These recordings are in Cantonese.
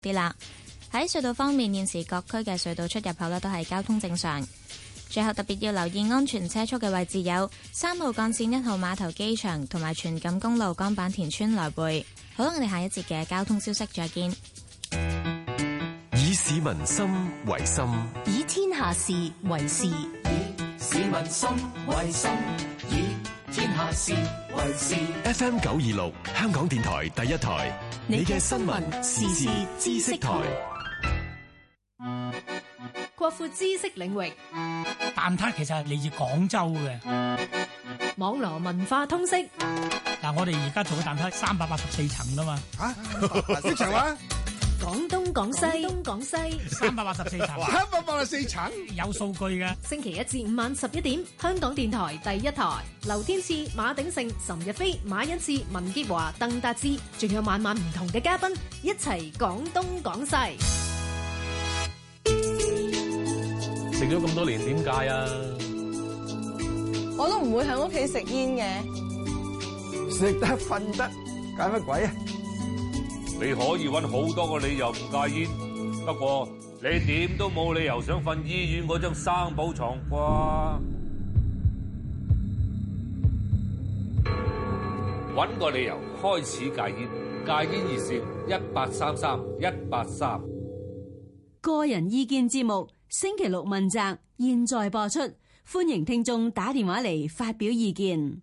啲啦，喺隧道方面，現時各區嘅隧道出入口呢都係交通正常。最後特別要留意安全車速嘅位置有三號幹線一號碼頭機場同埋全錦公路江板田村來回。好啦，我哋下一節嘅交通消息再見。以市民心為心，以天下事為事，以市民心為心。天下事，為事。FM 九二六，香港電台第一台。你嘅新聞時事時知識台，國富知識領域。蛋撻其實係嚟自廣州嘅。網絡文化通識。嗱、啊，我哋而家做嘅蛋撻三百八十四層㗎嘛。嚇，幾長啊？廣東廣西，廣東廣西，三百八十四層，三百八十四層，有數據㗎。星期一至五晚十一點，香港電台第一台，劉天賜、馬鼎盛、岑日飛、馬恩賜、文杰華、鄧達志，仲有晚晚唔同嘅嘉賓，一齊廣東廣西。食咗咁多年，點戒啊？我都唔會喺屋企食煙嘅。食得瞓得，戒乜鬼啊？你可以揾好多個理由唔戒煙，不過你點都冇理由想瞓醫院嗰張生保床啩？揾個理由開始戒煙，戒煙熱線一八三三一八三。個人意見節目，星期六問責，現在播出，歡迎聽眾打電話嚟發表意見。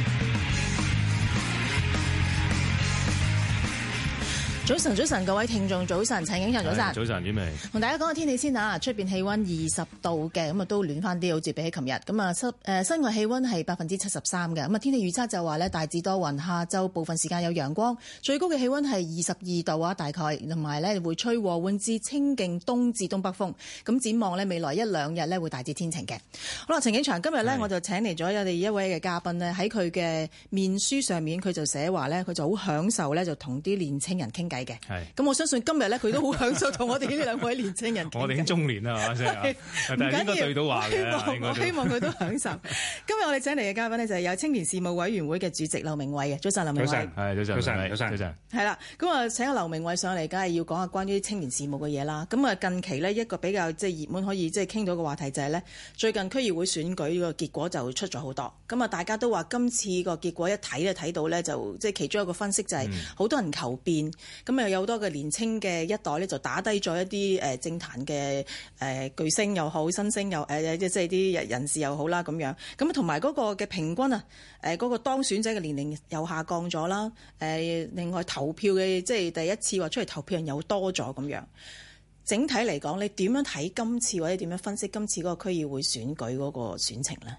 早晨，早晨，各位聽眾，早晨，陳景祥，早晨，早晨，婉薇，同大家講下天氣先啊！出邊氣溫二十度嘅，咁啊都暖翻啲，好似比起琴日咁啊室誒室外氣溫係百分之七十三嘅。咁啊，天氣預測就話咧，大致多雲，下晝部分時間有陽光，最高嘅氣溫係二十二度啊，大概同埋咧會吹和緩至清勁東至東北風。咁展望咧，未來一兩日咧會大致天晴嘅。好啦，陳景祥，今日咧我就請嚟咗有哋一位嘅嘉賓咧，喺佢嘅面書上面，佢就寫話咧，佢就好享受咧就同啲年青人傾。計嘅，係咁我相信今日咧，佢都好享受同我哋呢兩位年青人。我哋已經中年啦嚇，真係唔緊要對到話嘅。我希望佢都享受。今日我哋請嚟嘅嘉賓呢，就係有青年事務委員會嘅主席劉鳴煒嘅。早晨，劉鳴煒。早晨，早晨，係啦，咁啊請阿劉鳴煒上嚟，梗係要講下關於青年事務嘅嘢啦。咁啊近期呢，一個比較即係熱門可以即係傾到嘅話題就係呢：最近區議會選舉個結果就出咗好多。咁啊大家都話今次個結果一睇就睇到呢，就即係其中一個分析就係好多人求變。咁啊，有好多嘅年青嘅一代咧，就打低咗一啲誒、呃、政壇嘅誒巨星又好，新星又誒、呃，即係啲人士又好啦。咁樣，咁啊，同埋嗰個嘅平均啊，誒、呃、個當選者嘅年齡又下降咗啦。誒、呃、另外投票嘅即係第一次話出嚟投票人又多咗。咁樣，整體嚟講，你點樣睇今次或者點樣分析今次嗰個區議會選舉嗰個選情咧？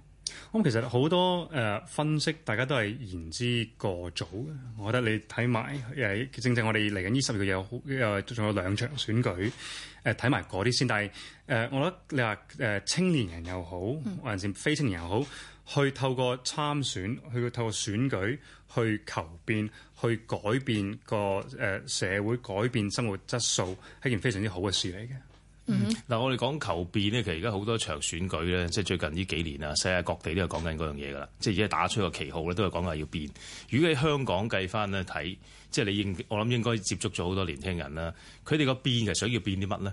咁其實好多誒分析，大家都係言之過早嘅。我覺得你睇埋誒，正正我哋嚟緊呢十月有好，又仲有兩場選舉，誒睇埋嗰啲先。但係誒，我覺得你話誒青年人又好，還是非青年又好，去透過參選，去透過選舉去求變，去改變個誒社會，改變生活質素，係件非常之好嘅事嚟嘅。嗱，mm hmm. 我哋講求變咧，其實而家好多場選舉咧，即係最近呢幾年啊，世界各地都係講緊嗰樣嘢噶啦，即係而家打出個旗號咧，都係講話要變。如果喺香港計翻咧睇，即係你應我諗應該接觸咗好多年輕人啦，佢哋個變係想要變啲乜咧？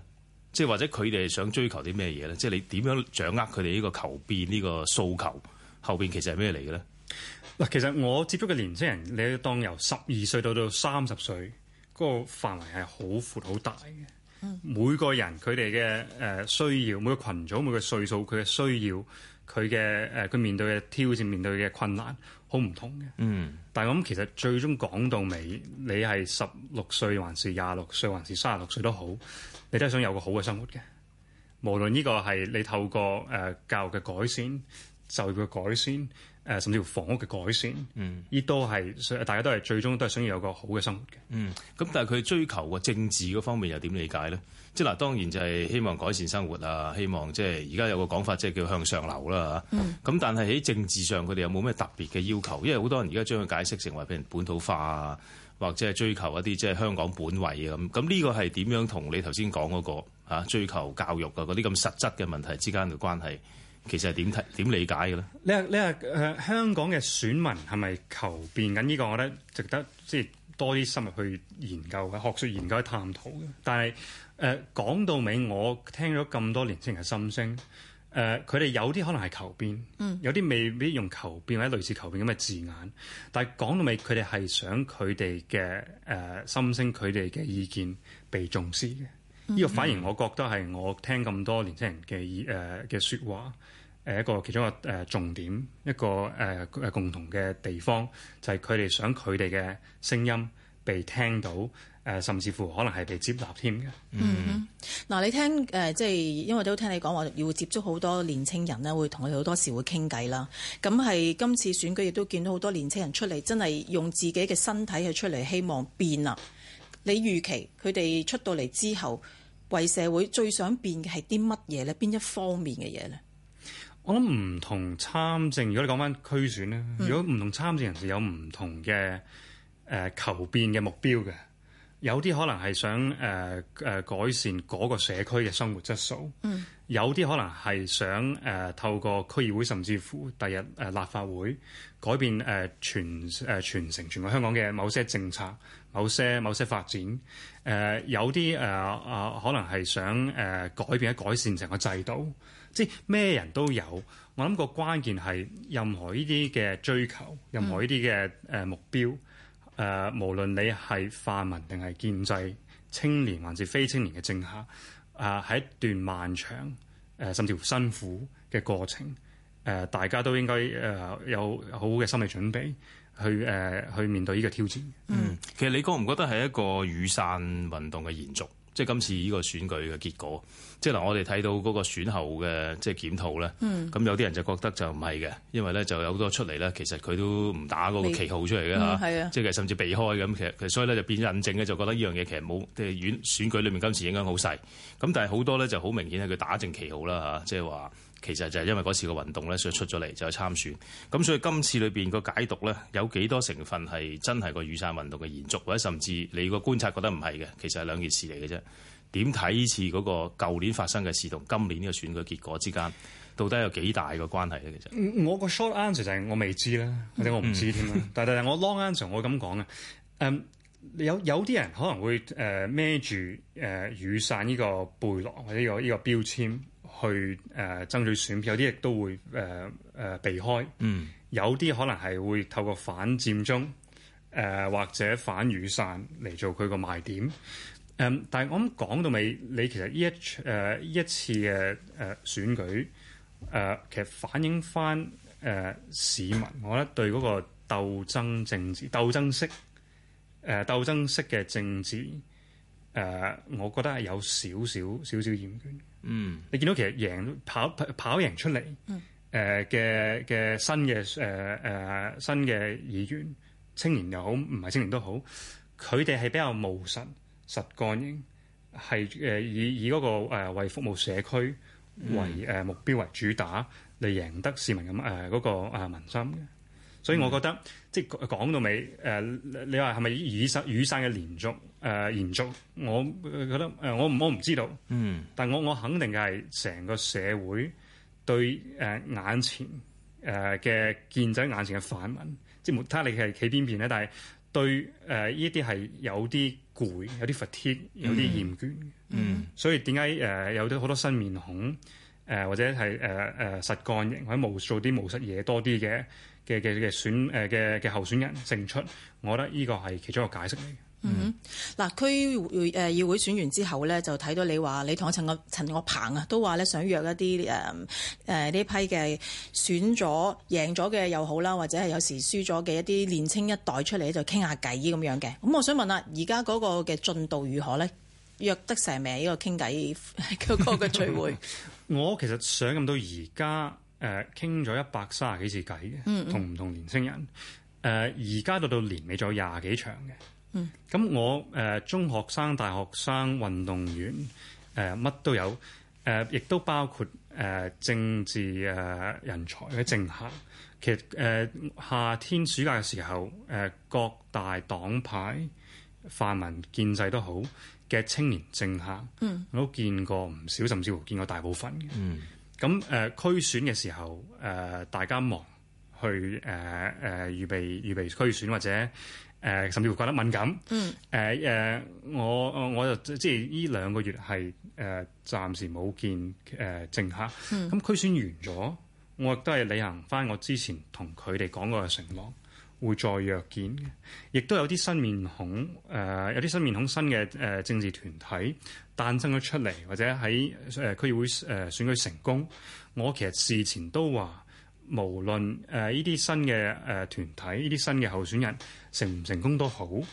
即係或者佢哋係想追求啲咩嘢咧？即係你點樣掌握佢哋呢個求變呢、呢個訴求後邊其實係咩嚟嘅咧？嗱，其實我接觸嘅年輕人，你當由十二歲到到三十歲嗰、嗰個範圍係好闊好大嘅。每個人佢哋嘅誒需要，每個群組每個歲數佢嘅需要，佢嘅誒佢面對嘅挑戰，面對嘅困難，好唔同嘅。嗯，但係咁其實最終講到尾，你係十六歲，還是廿六歲，還是三十六歲都好，你都係想有個好嘅生活嘅。無論呢個係你透過誒、呃、教育嘅改善，就業嘅改善。誒甚至乎房屋嘅改善，亦、嗯、都係大家都係最終都係想要有個好嘅生活嘅。咁、嗯、但係佢追求嘅政治嗰方面又點理解咧？即係嗱，當然就係希望改善生活啊，希望即係而家有個講法即係叫向上流啦嚇。咁、嗯、但係喺政治上，佢哋有冇咩特別嘅要求？因為好多人而家將佢解釋成為俾人本土化啊，或者係追求一啲即係香港本位、那個、啊咁。咁呢個係點樣同你頭先講嗰個追求教育啊嗰啲咁實質嘅問題之間嘅關係？其實係點睇點理解嘅咧？你啊，你、呃、啊，誒香港嘅選民係咪求變緊？呢個我覺得值得即係多啲深入去研究嘅、學術研究去探討嘅。但係誒講到尾，我聽咗咁多年青人嘅心聲，誒佢哋有啲可能係求變，嗯，有啲未必用求變或者類似求變咁嘅字眼。但係講到尾，佢哋係想佢哋嘅誒心聲、佢哋嘅意見被重視嘅。呢個反而我覺得係我聽咁多年青人嘅誒嘅説話，誒一個其中一個誒、呃、重點，一個誒、呃、共同嘅地方，就係佢哋想佢哋嘅聲音被聽到，誒、呃、甚至乎可能係被接納添嘅。嗯，嗯，嗱、呃，你聽誒、呃，即係因為都聽你講話要接觸好多年青人咧，會同佢哋好多時會傾偈啦。咁係今次選舉亦都見到好多年青人出嚟，真係用自己嘅身體去出嚟，希望變啦。你預期佢哋出到嚟之後？為社會最想變嘅係啲乜嘢咧？邊一方面嘅嘢咧？我諗唔同參政，如果你講翻區選咧，嗯、如果唔同參政人士有唔同嘅誒、呃、求變嘅目標嘅，有啲可能係想誒誒、呃、改善嗰個社區嘅生活質素；嗯、有啲可能係想誒、呃、透過區議會，甚至乎第日誒、呃、立法會改變誒、呃、全誒、呃、全城、全個香港嘅某些政策。某些某些發展，誒、呃、有啲誒誒，可能係想誒、呃、改變或者改善成個制度，即係咩人都有。我諗個關鍵係任何呢啲嘅追求，任何呢啲嘅誒目標誒、呃、無論你係泛民定係建制青年，還是非青年嘅政客，啊、呃，係一段漫長誒、呃、甚至乎辛苦嘅過程。誒、呃，大家都應該誒、呃、有好好嘅心理準備去，去、呃、誒去面對呢個挑戰。嗯，其實你覺唔覺得係一個雨傘運動嘅延續？即係今次呢個選舉嘅結果，即係嗱，我哋睇到嗰個選後嘅即係檢討咧。咁、嗯、有啲人就覺得就唔係嘅，因為咧就有好多出嚟咧，其實佢都唔打嗰個旗號出嚟嘅嚇。係啊、嗯。即係甚至避開咁，其實其實所以咧就變印證咧，就覺得呢樣嘢其實冇即係選選舉裏面今次影響好細。咁但係好多咧就好明顯係佢打正旗號啦嚇，即係話。其實就係因為嗰次個運動咧，所以出咗嚟就去參選。咁所以今次裏邊個解讀咧，有幾多成分係真係個雨傘運動嘅延續，或者甚至你個觀察覺得唔係嘅，其實係兩件事嚟嘅啫。點睇呢次嗰個舊年發生嘅事同今年呢個選舉結果之間，到底有幾大個關係咧？其實我個 short answer 就係我未知啦，或者我唔知添啦。 但係但係我 long answer 我咁講嘅，誒有有啲人可能會誒孭住誒雨傘呢個背囊或者呢、呢個呢、呢個標籤。去誒爭取選票，有啲亦都會誒誒、呃呃、避開，有啲可能係會透過反佔中誒、呃、或者反雨傘嚟做佢個賣點。誒、呃，但係我諗講到尾，你其實呢一誒、呃、一次嘅誒選舉誒、呃，其實反映翻誒、呃、市民，我覺得對嗰個鬥爭政治、 鬥爭式誒、呃、鬥爭式嘅政治誒、呃，我覺得係有少少少少厭倦。嗯， 你見到其實贏跑跑，跑贏出嚟，誒嘅嘅新嘅誒誒新嘅議員青年又好，唔係青年都好，佢哋係比較務實實幹型，係誒以以嗰個誒為服務社區為誒目標為主打嚟贏得市民咁誒嗰個誒民心嘅。所以我覺得、mm. 即係講到尾誒、呃，你話係咪雨傘雨傘嘅連續誒、呃，延續我覺得誒、呃，我我唔知道，mm. 但係我我肯定嘅係成個社會對誒、呃、眼前誒嘅、呃、見仔眼前嘅反問，即係睇你係企邊邊咧。但係對誒呢啲係有啲攰，有啲 fatigue，有啲厭倦。嗯，mm. mm. 所以點解誒有咗好多新面孔誒、呃，或者係誒誒實幹型或者無做啲無實嘢多啲嘅？嘅嘅嘅選誒嘅嘅候選人勝出，我覺得呢個係其中一個解釋嚟嘅。嗯，嗱、嗯啊，區會誒議會選完之後咧，就睇到你話你同阿陳個陳岳鵬啊，都話咧想約一啲誒誒呢批嘅選咗贏咗嘅又好啦，或者係有時輸咗嘅一啲年青一代出嚟就傾下偈咁樣嘅。咁我想問下，而家嗰個嘅進度如何咧？約得成未？呢個傾偈嗰個嘅聚會？ 我其實想咁到而家。誒傾咗一百三十幾次偈嘅，同唔同年青人？誒而家到到年尾仲有廿幾場嘅。咁、嗯、我誒、呃、中學生、大學生、運動員誒乜、呃、都有，誒、呃、亦都包括誒、呃、政治誒、呃、人才嘅政客。嗯、其實誒、呃、夏天暑假嘅時候，誒、呃、各大黨派泛民建制都好嘅青年政客，我、嗯、都見過唔少，甚至乎見過大部分嘅。嗯咁誒、呃、區選嘅時候，誒、呃、大家忙去誒誒、呃呃、預備預備區選或者誒、呃、甚至會覺得敏感。誒誒、嗯呃，我我我就即係呢兩個月係誒、呃、暫時冇見誒、呃、政客。咁、嗯、區選完咗，我亦都係履行翻我之前同佢哋講過嘅承諾。會再約見，亦都有啲新面孔，誒、呃、有啲新面孔新、新嘅誒政治團體誕生咗出嚟，或者喺誒區議會誒選舉成功。我其實事前都話，無論誒呢啲新嘅誒團體、呢、呃、啲新嘅、呃、候選人成唔成功都好，誒、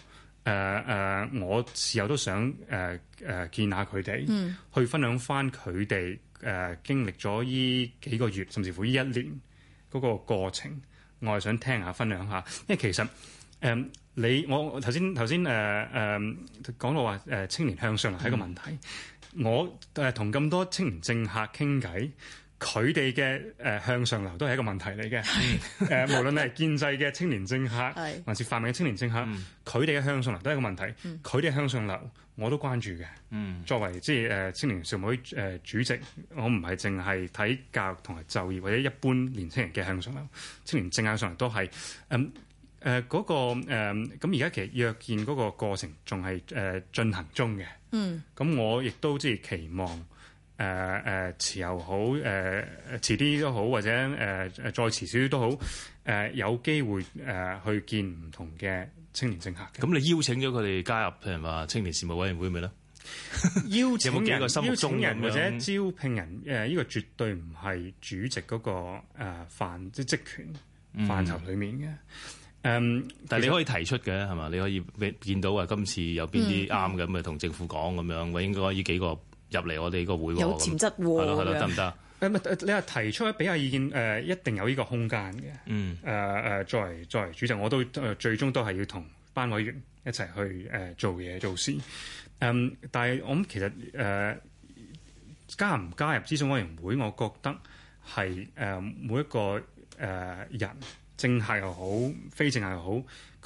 呃、誒，我事後都想誒誒、呃呃、見下佢哋，嗯、去分享翻佢哋誒經歷咗依幾個月，甚至乎依一年嗰個過程。我係想聽下分享下，因為其實誒、嗯、你我頭先頭先誒誒講到話誒青年向上係一個問題，嗯、我誒同咁多青年政客傾偈，佢哋嘅誒向上流都係一個問題嚟嘅，誒是、 呃、無論你係建制嘅青， 是青年政客，還是泛民嘅青年政客，佢哋嘅向上流都係一個問題。佢哋、嗯、向上流我都關注嘅。作為即係誒青年事務會主席，我唔係淨係睇教育同埋就業或者一般年輕人嘅向上流，青年政客向上流都係。誒、呃、嗰、呃那個誒咁而家其實約見嗰個過程仲係誒進行中嘅。咁、嗯、我亦都即係期望。誒誒遲又好，誒、呃、遲啲都好，或者誒誒、呃、再遲少少都好，誒、呃、有機會誒、呃、去見唔同嘅青年政客。咁你邀請咗佢哋加入譬如話青年事務委員會咪咯？邀請 有冇幾個心總人或者招聘人誒？呢、呃這個絕對唔係主席嗰、那個誒範即職權範疇裡面嘅。誒、嗯，但係你可以提出嘅係嘛？你可以見到啊，今次有邊啲啱嘅咁咪同政府講咁樣，我應該呢幾個。入嚟我哋呢個會，有潛質係咯，係咯樣，得唔得？誒你話提出俾下意見誒、呃，一定有呢個空間嘅。嗯誒誒，作為、呃、作為主席，我都最終都係要同班委員一齊去誒、呃、做嘢做先。嗯、呃，但係我諗其實誒、呃、加唔加入諮詢委員會，我覺得係誒、呃、每一個誒人政客又好，非政客又好，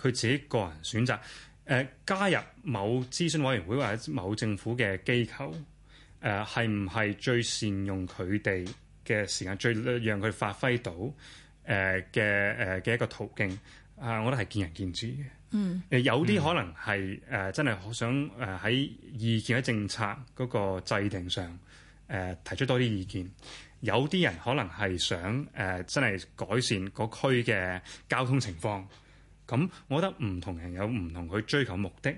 佢自己個人選擇誒、呃、加入某諮詢委員會或者某政府嘅機構。誒係唔係最善用佢哋嘅時間，最讓佢發揮到誒嘅誒嘅一個途徑啊？我覺得係見仁見智嘅。嗯，誒有啲可能係誒真係好想誒喺意見喺政策嗰個制定上誒提出多啲意見。有啲人可能係想誒真係改善個區嘅交通情況。咁，我覺得唔同人有唔同佢追求目的，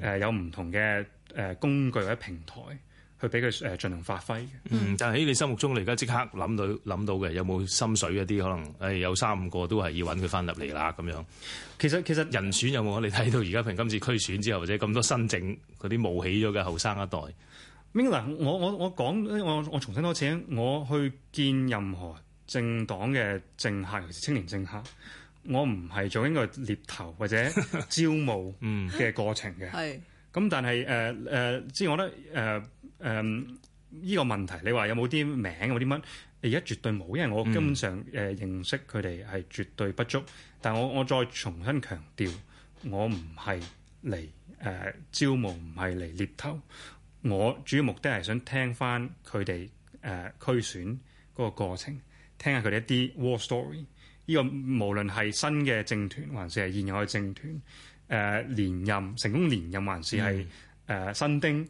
誒有唔同嘅誒工具或者平台。去俾佢誒盡量發揮嘅。嗯，但係喺你心目中你，你而家即刻諗到諗到嘅，有冇心水一啲？可能誒、哎、有三五個都係要揾佢翻入嚟啦咁樣。其實其實人選有冇？我哋睇到而家譬如今次區選之後，或者咁多新政嗰啲冒起咗嘅後生一代。咁嗱，我我我講，我我，我重新開始，我去見任何政黨嘅政客，尤其是青年政客，我唔係做緊個獵頭或者招募嘅過程嘅。係、 嗯。咁是但係誒誒，即係我覺得誒。呃呃呃誒依、um, 個問題，你話有冇啲名，有冇啲乜？而家絕對冇，因為我根本上誒、嗯呃、認識佢哋係絕對不足。但我我再重新強調，我唔係嚟誒招募，唔係嚟獵頭。我主要目的係想聽翻佢哋誒區選嗰個過程，聽下佢哋一啲 war story。呢個無論係新嘅政團，還是係現有嘅政團，誒、呃、連任成功連任，還是係誒、嗯呃、新丁。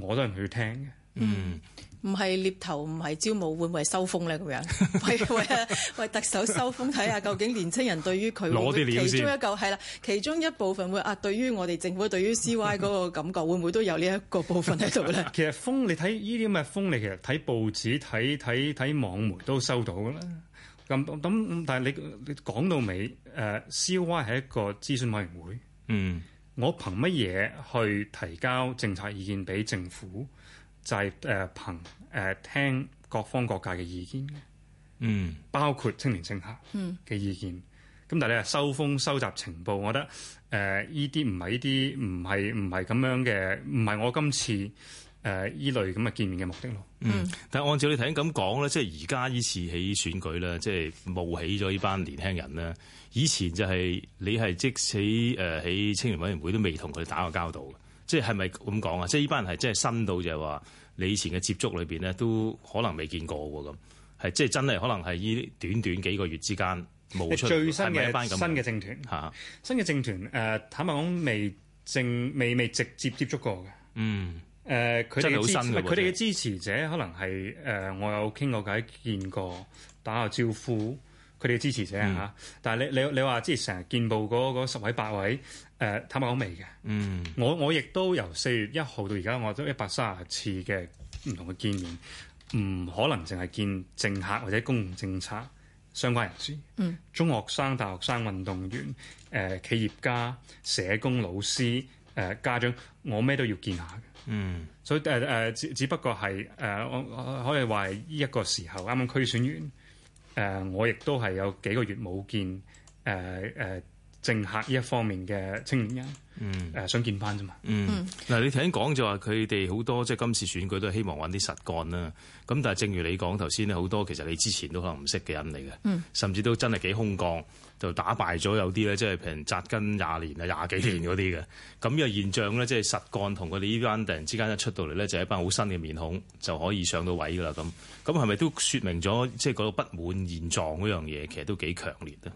我都唔去聽嘅。嗯，唔係獵頭，唔係招募，唔會為會收風咧咁樣，喂 喂 特首收風，睇下究竟年輕人對於佢，其中一嚿係啦，其中一部分會啊，對於我哋政府對於 CY 嗰個感覺， 會唔會都有呢一個部分喺度咧？ 其實風，你睇呢啲咁嘅風，你其實睇報紙、睇睇睇網媒都收到㗎啦。咁咁，但係你你講到尾，誒、uh,，CY 係一個諮詢委員會，嗯。我憑乜嘢去提交政策意見俾政府？就係、是、誒、呃、憑誒、呃、聽各方各界嘅意見，嗯，包括青年政客，嗯嘅意見。咁、嗯、但係你收風收集情報，我覺得誒，呢啲唔係呢啲唔係唔係咁樣嘅，唔係我今次。誒呢類咁嘅見面嘅目的咯。嗯，但係按照你頭先咁講咧，即係而家呢次起選舉咧，即係冒起咗呢班年輕人咧。以前就係、是、你係即使誒喺青年委員會都未同佢打過交道嘅，即係係咪咁講啊？即係呢班人係真係新到就，就係話你以前嘅接觸裏邊咧都可能未見過咁，係即係真係可能係呢短短幾個月之間冒出，係咪一班咁新嘅政團嚇新嘅政團誒？坦白講，未正未未直接接觸過嘅，嗯。誒佢哋嘅支持，佢哋嘅支持者可能係誒、呃、我有傾過偈，見過打下招呼。佢哋嘅支持者嚇，嗯、但係你你你話之前成日見報嗰十位八位誒、呃，坦白講未嘅。嗯，我我亦都由四月一號到而家，我都一百三十次嘅唔同嘅見面，唔可能淨係見政客或者公共政策相關人士。嗯，中學生、大學生、運動員、誒、呃、企業家、社工、老師、誒、呃、家長，我咩都要見下。嗯，所以誒，誒、呃，只只不過係，誒、呃，我我可以話，係呢一個時候啱啱區選完，誒、呃，我亦都係有幾個月冇見，誒、呃，誒、呃，政客呢一方面嘅青年人，嗯誒、呃，想見翻啫嘛。嗯，嗱、嗯、你頭先講就話，佢哋好多即係今次選舉都係希望揾啲實幹啦。咁但係正如你講頭先咧，好多其實你之前都可能唔識嘅人嚟嘅，嗯，甚至都真係幾空降。就打敗咗有啲咧，即係譬如紮根廿年啊、廿幾年嗰啲嘅，咁呢 個現象咧，即係實幹同佢哋呢班突然之間一出到嚟咧，就係一班好新嘅面孔就可以上到位噶啦咁。咁係咪都説明咗即係個不滿現狀嗰樣嘢，其實都幾強烈咧？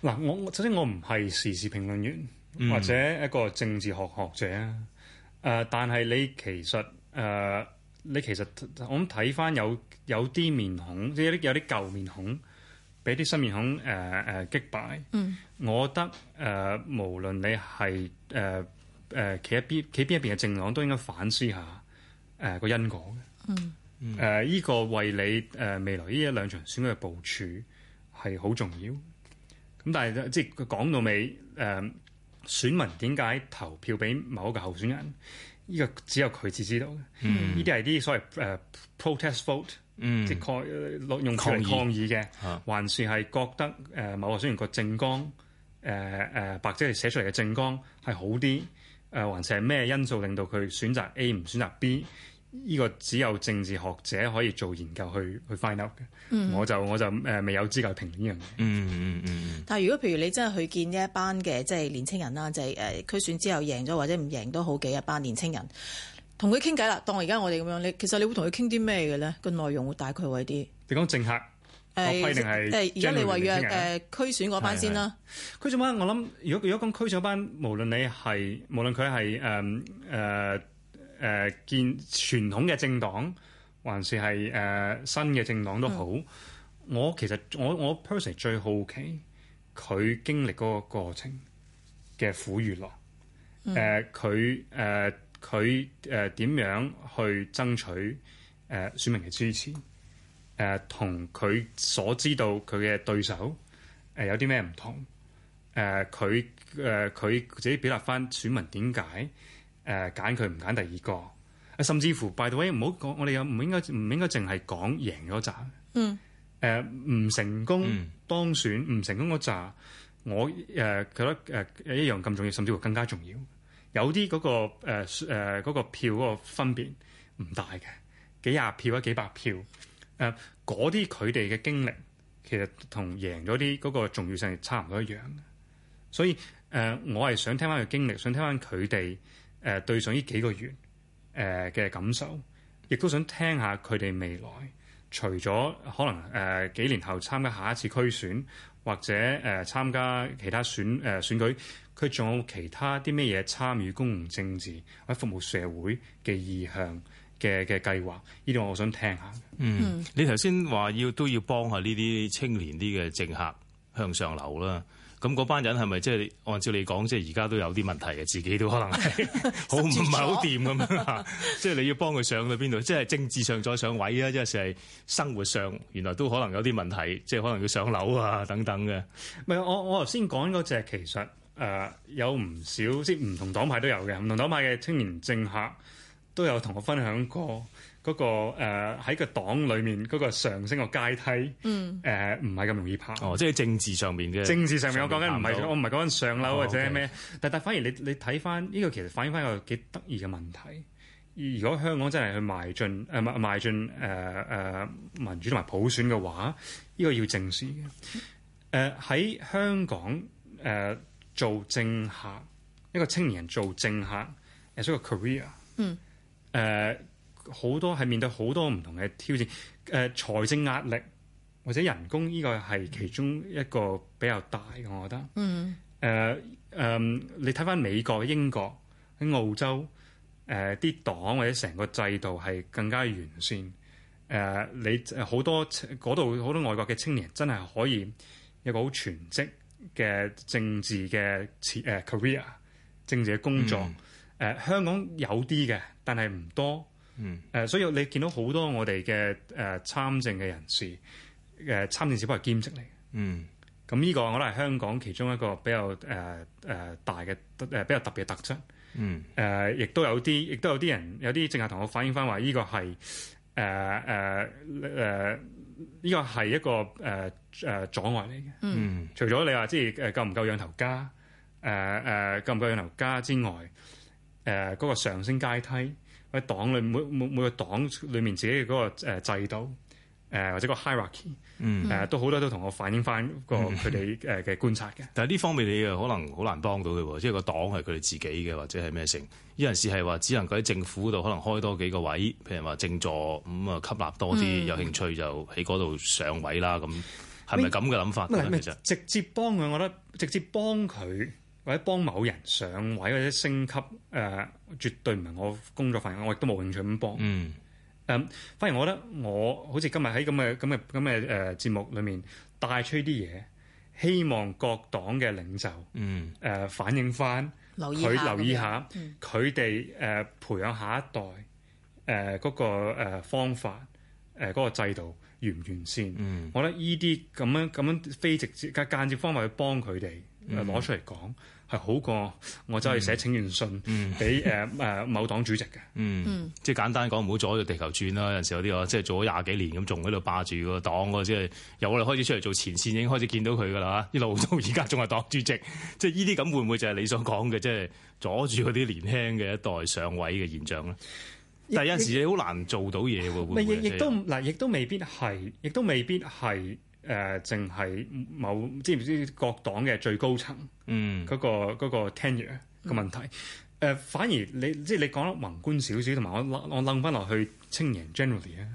嗱、嗯，我我首先我唔係時事評論員或者一個政治學學者誒、呃，但係你其實誒、呃，你其實我睇翻有有啲面孔，即係有啲有啲舊面孔。俾啲新面孔誒誒擊敗，嗯、我覺得誒、呃、無論你係誒誒企一邊企邊一邊嘅政黨，都應該反思下誒、呃、個因果嘅。誒依、嗯呃呢個為你誒、呃、未來呢一兩場選舉嘅部署係好重要。咁但係、呃、即係講到尾誒、呃、選民點解投票俾某一個候選人？呢、呢個只有佢至知道嘅。依啲係啲所謂誒、呃、protest vote。嗯，即係用嚟抗議嘅、啊呃呃，還是係覺得誒某個選人個政綱誒誒白紙寫出嚟嘅政綱係好啲？誒，還是係咩因素令到佢選擇 A 唔選擇 B？呢個只有政治學者可以做研究去去 find out 嘅、嗯。我就我就誒未有資格評論呢樣嘢嗯。嗯嗯嗯。但係如果譬如你真係去見一班嘅即係年輕人啦，就係、是、誒區選之後贏咗或者唔贏都好幾一班年輕人。同佢傾偈啦，當而家我哋咁樣，你其實你會同佢傾啲咩嘅咧？個內容會大概括啲。你講政客，規定係而家你話約誒區、啊呃、選嗰班先啦。區選班，我諗如果如果講區選班，無論你係無論佢係誒誒誒建傳統嘅政黨，還是係誒、呃、新嘅政黨都好，嗯、我其實我我 person 最好奇佢經歷嗰個過程嘅苦與樂、嗯。誒佢誒。佢誒點樣去爭取誒、呃、選民嘅支持？誒同佢所知道佢嘅對手誒、呃、有啲咩唔同？誒佢誒佢自己表達返選民點解誒揀佢唔揀第二個？呃、甚至乎 by the way 唔好講，我哋又唔應該唔應該淨係講贏咗扎？嗯誒，唔、呃、成功當選，唔、嗯、成功嗰扎，我誒、呃、覺得誒、呃、一樣咁重要，甚至乎更加重要。有啲嗰、嗰個誒誒、呃嗰個、票嗰個分別唔大嘅，幾廿票啊、幾百票誒，嗰啲佢哋嘅經歷其實同贏咗啲嗰個重要性係差唔多一樣嘅，所以誒、呃、我係想聽翻佢經歷，想聽翻佢哋誒對上呢幾個月誒嘅、呃、感受，亦都想聽下佢哋未來除咗可能誒、呃、幾年後參加下一次區選。或者誒、呃、參加其他選誒、呃、選舉，佢仲有其他啲咩嘢參與公共政治或者服務社會嘅意向嘅嘅計劃？呢個我想聽下。嗯，嗯你頭先話要都要幫下呢啲青年啲嘅政客。向上流啦，咁嗰班人係咪即係按照你講，即係而家都有啲問題嘅，自己都可能係好唔係好掂咁樣嚇，即係你要幫佢上到邊度？即係政治上再上位啊，即係成生活上原來都可能有啲問題，即係可能要上樓啊等等嘅。唔係我我頭先講嗰隻，其實誒有唔少即係唔同黨派都有嘅，唔同黨派嘅青年政客都有同我分享過。嗰、那個喺、呃、個黨裏面嗰、那個上升個階梯，誒唔係咁容易爬，哦。即係政治上，上面嘅政治上面，我講緊唔係我唔係講緊上樓或者咩，哦 okay、但但反而你你睇翻呢個其實反映翻一個幾得意嘅問題。如果香港真係去邁進誒埋、呃、邁進誒、呃呃、民主同埋普選嘅話，呢、這個要正視嘅誒喺香港誒、呃、做政客一個青年人做政客，誒、嗯，所以個 career 嗯好多係面對好多唔同嘅挑戰，誒、呃、財政壓力或者人工呢、呢個係其中一個比較大嘅，我覺得。嗯誒誒你睇翻美國英國喺澳洲誒啲黨或者成個制度係更加完善。誒、呃、你、呃、好多度好多外國嘅青年真係可以有個好全職嘅政治嘅誒 career 政治嘅工作。誒、mm hmm. 呃、香港有啲嘅，但係唔多。嗯，誒，所以你見到好多我哋嘅誒參政嘅人士，誒、呃、參政只不過係兼職嚟嘅。嗯，咁呢個我覺得係香港其中一個比較誒誒、呃呃、大嘅誒、呃、比較特別嘅特質。嗯，誒亦、呃、都有啲，亦都有啲人有啲政客同我反映翻話，呢、呃呃呃這個係誒誒誒，呢個係一個誒誒、呃呃、阻礙嚟嘅。嗯，除咗你話即係誒夠唔夠養頭家誒誒、呃、夠唔夠養頭家之外，誒、呃、嗰、呃那個上升階梯。喺黨裏每每每個黨裏面自己嘅嗰個制度，誒、呃、或者個 Hierarchy，誒、嗯呃、都好多都同我反映翻、嗰個佢哋誒嘅觀察嘅、嗯。但係呢方面你又可能好難幫到佢喎，即係個黨係佢哋自己嘅或者係咩成？有陣時係話只能夠喺政府度可能開多幾個位，譬如話政助咁啊、嗯，吸納多啲、嗯、有興趣就喺嗰度上位啦。咁係咪咁嘅諗法其實明直接幫佢，我覺得直接幫佢。或者幫某人上位或者升級，誒、呃、絕對唔係我工作範圍，我亦都冇興趣咁幫。嗯，誒反而我覺得我好似今日喺咁嘅咁嘅咁嘅誒節目裏面帶出啲嘢，希望各黨嘅領袖，嗯誒、呃、反映翻佢留意下佢哋誒培養下一代誒嗰、呃那個、呃、方法誒嗰、呃那個制度完唔完善？嗯，我覺得呢啲咁樣咁樣非直接加間接方法去幫佢哋攞出嚟講。係好過我走去寫請願信俾誒誒某黨主席嘅、 嗯，即係簡單講唔好阻住地球轉啦！有陣時有啲、這、話、個、即係做咗廿幾年咁，仲喺度霸住個黨，即係由我哋開始出嚟做前線已經開始見到佢噶啦，一路到而家仲係黨主席，即係呢啲咁會唔會就係你所講嘅，即係阻住嗰啲年輕嘅一代上位嘅現象咧？但係有陣時你好難做到嘢喎，亦亦也都嗱，亦都未必係，亦都未必係。誒，淨係、呃、某知唔知各黨嘅最高層，嗯，嗰、嗰個嗰個 tenure 嘅問題，誒、呃，反而你即係你講得宏觀少少，同埋我我楞翻落去青年 generally 啊，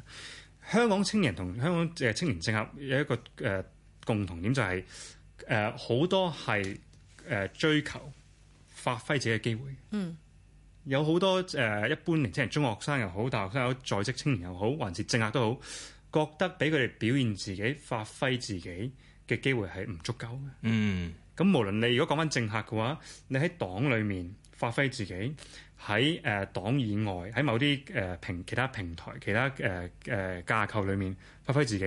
香港青年同香港誒青年政客有一個誒、呃、共同點就係誒好多係誒、呃、追求發揮自己嘅機會，嗯，有好多誒、呃、一般年青人、中學生又好、大學生又好、在職青年又好，還是政客都好。覺得俾佢哋表現自己、發揮自己嘅機會係唔足夠嘅。嗯，咁無論你如果講返政客嘅話，你喺黨裏面發揮自己，喺誒、呃、黨以外，喺某啲誒、呃、平其他平台、其他誒誒、呃、架構裏面發揮自己，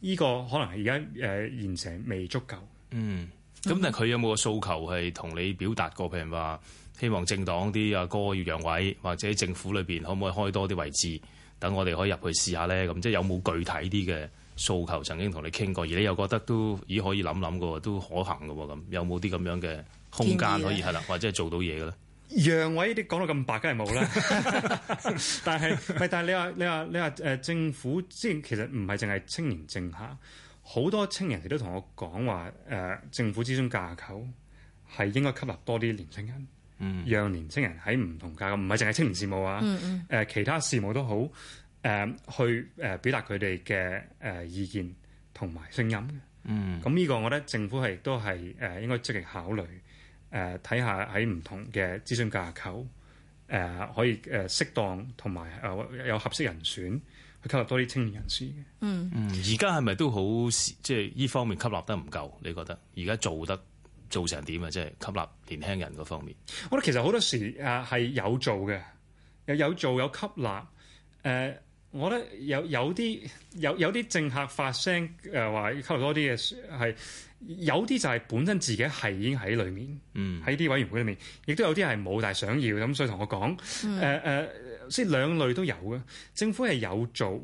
呢、這個可能係而家誒現成未足夠。嗯，咁、嗯、但係佢有冇個訴求係同你表達過？譬如話希望政黨啲阿哥要讓位，或者政府裏邊可唔可以開多啲位置？等我哋可以入去試下咧，咁即係有冇具體啲嘅訴求？曾經同你傾過，而你又覺得都咦可以諗諗嘅，都可行嘅咁，有冇啲咁樣嘅空間可以係啦，或者係做到嘢嘅咧？讓位啲講到咁白梗係冇啦，但係，咪但係你話你話你話誒政府之前其實唔係淨係青年政客，好多青年人都同我講話誒，政府之中架構係應該吸納多啲年輕人。嗯、讓年青人喺唔同架，唔係淨係青年事務啊，誒、嗯嗯呃、其他事務都好，誒、呃、去誒表達佢哋嘅誒意見同埋聲音嘅。嗯，咁呢個我覺得政府係亦都係誒應該積極考慮，誒睇下喺唔同嘅諮詢架構，誒、呃、可以誒適當同埋誒有合適人選去吸納多啲青年人士嘅。嗯，而家係咪都好，即係呢方面吸納得唔夠？你覺得而家做得？做成點啊？即係吸納年輕人嗰方面，我覺得其實好多時啊係有做嘅，又有，有做有吸納。誒、呃，我覺得有有啲有有啲政客發聲誒話要吸納多啲嘅，係有啲就係本身自己係已經喺裏面，嗯，喺啲委員會裏面，亦都有啲係冇，但想要咁，所以同我講誒誒，即係、嗯呃、兩類都有嘅。政府係有做，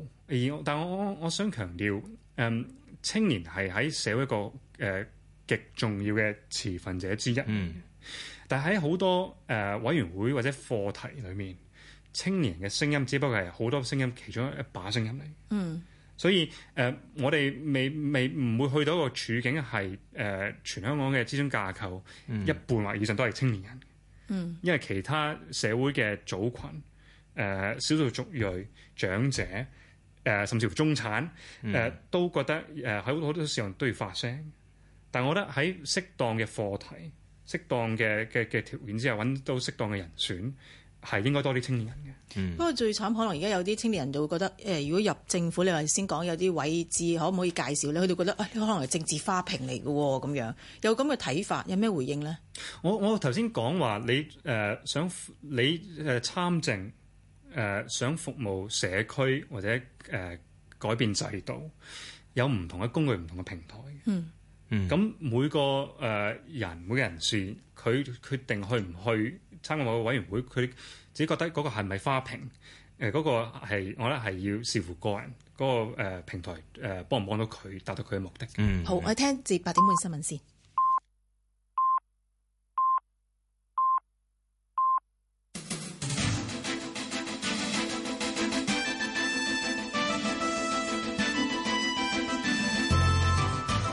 但係我我，我想強調，誒、嗯、青年係喺社會個誒。呃極重要嘅持份者之一，但係喺好多誒委員會或者課題裏面，青年嘅聲音只不過係好多聲音其中一把聲音嚟。嗯，所以誒，我哋未未唔會去到一個處境係誒全香港嘅諮詢架構一半或以上都係青年人。嗯，因為其他社會嘅組群誒少數族裔、長者誒，甚至乎中產誒，都覺得誒喺好多好多時候都要發聲。但係，我覺得喺適當嘅課題、適當嘅嘅嘅條件之下，搵到適當嘅人選係應該多啲青年人嘅。嗯，不過最慘可能而家有啲青年人就會覺得誒、呃，如果入政府，你話先講有啲位置，可唔可以介紹咧？佢哋覺得誒、哎，可能係政治花瓶嚟嘅咁樣有咁嘅睇法，有咩回應咧？我我頭先講話你誒、呃、想你誒、呃、參政誒、呃、想服務社區或者誒、呃、改變制度，有唔同嘅工具、唔同嘅平台。嗯。咁每個誒人每個人選，佢決定去唔去參與某個委員會，佢自己覺得嗰個係咪花瓶？誒、那、嗰個係我覺得係要視乎個人嗰、那個平台誒幫唔幫到佢達到佢嘅目的。嗯嗯、好，我聽至八點半新聞先。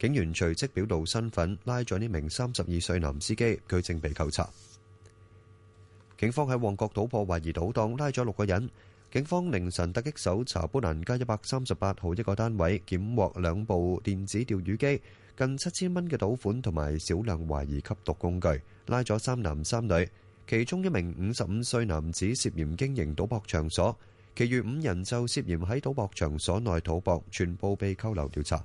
警員隨即表露身份，拉咗呢名三十二歲男司機，佢正被扣查。警方喺旺角搗破懷疑賭檔，拉咗六個人。警方凌晨突擊搜查砵蘭街一百三十八號一個單位，檢獲兩部電子釣魚機、近七千蚊嘅賭款同埋少量懷疑吸毒工具，拉咗三男三女。其中一名五十五歲男子涉嫌經營賭博場所，其餘五人就涉嫌喺賭博場所內賭博，全部被扣留調查。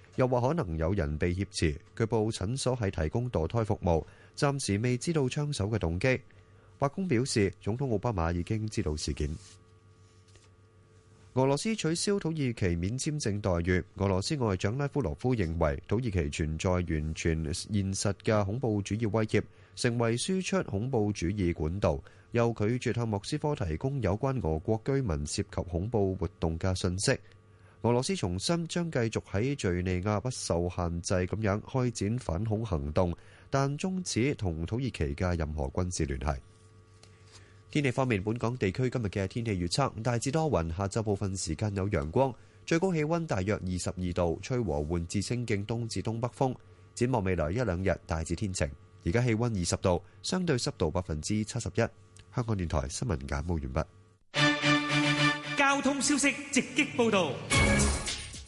又話可能有人被挾持，據報診所係提供墮胎服務，暫時未知道槍手嘅動機。白宮表示，總統奧巴馬已經知道事件。俄羅斯取消土耳其免簽證待遇。俄羅斯外長拉夫羅夫認為土耳其存在完全現實嘅恐怖主義威脅，成為輸出恐怖主義管道，又拒絕向莫斯科提供有關俄國居民涉及恐怖活動嘅信息。俄羅斯重申將繼續喺敍利亞不受限制咁樣開展反恐行動，但終止同土耳其嘅任何軍事聯繫。天氣方面，本港地區今日嘅天氣預測：大致多雲，下晝部分時間有陽光，最高氣温大約二十二度，吹和緩至清勁東至東北風。展望未來一兩日，大致天晴。而家氣温二十度，相對濕度百分之七十一。香港電台新聞簡報完畢。交通消息直擊報道。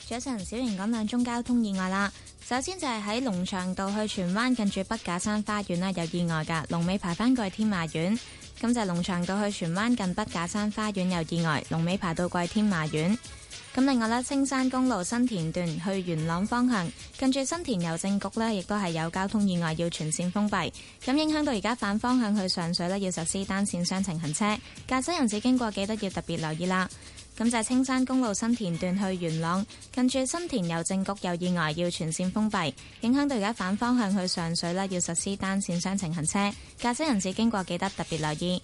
早晨，小瑩，講兩宗交通意外啦。首先就係喺龍翔道去荃灣近住畢架山花園啦，有意外噶，龍尾排翻過去天馬苑。咁就龍翔道去荃灣近畢架山花園有意外，龍尾排到過去天馬苑。咁另外咧，青山公路新田段去元朗方向，近住新田郵政局呢亦都係有交通意外要全線封閉。咁影響到而家反方向去上水呢要實施單線雙程行車。駕駛人士經過記得要特別留意啦。咁就青山公路新田段去元朗，近住新田郵政局有意外，要全線封閉，影響到而家反方向去上水啦，要實施單線雙程行車，駕駛人士經過記得特別留意。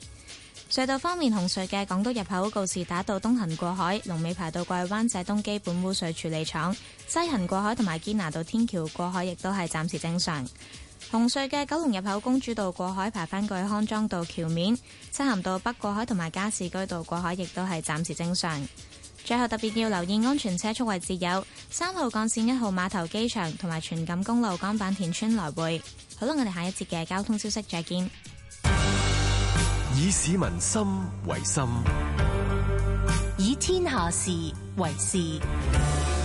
隧道方面，紅隧嘅港島入口告士打道東行過海、龍尾排到去灣仔東基本污水處理廠、西行過海同埋堅拿道天橋過海，亦都係暫時正常。紅隧嘅九龍入口公主道過海，排返過去康莊道橋面、西行道北過海同埋加士居道過海，亦都係暫時正常。最後特別要留意安全車速位置有三號幹線一號碼頭機場同埋全錦公路鋼板田村來回。好啦，我哋下一節嘅交通消息再見。以市民心為心，以天下事為事。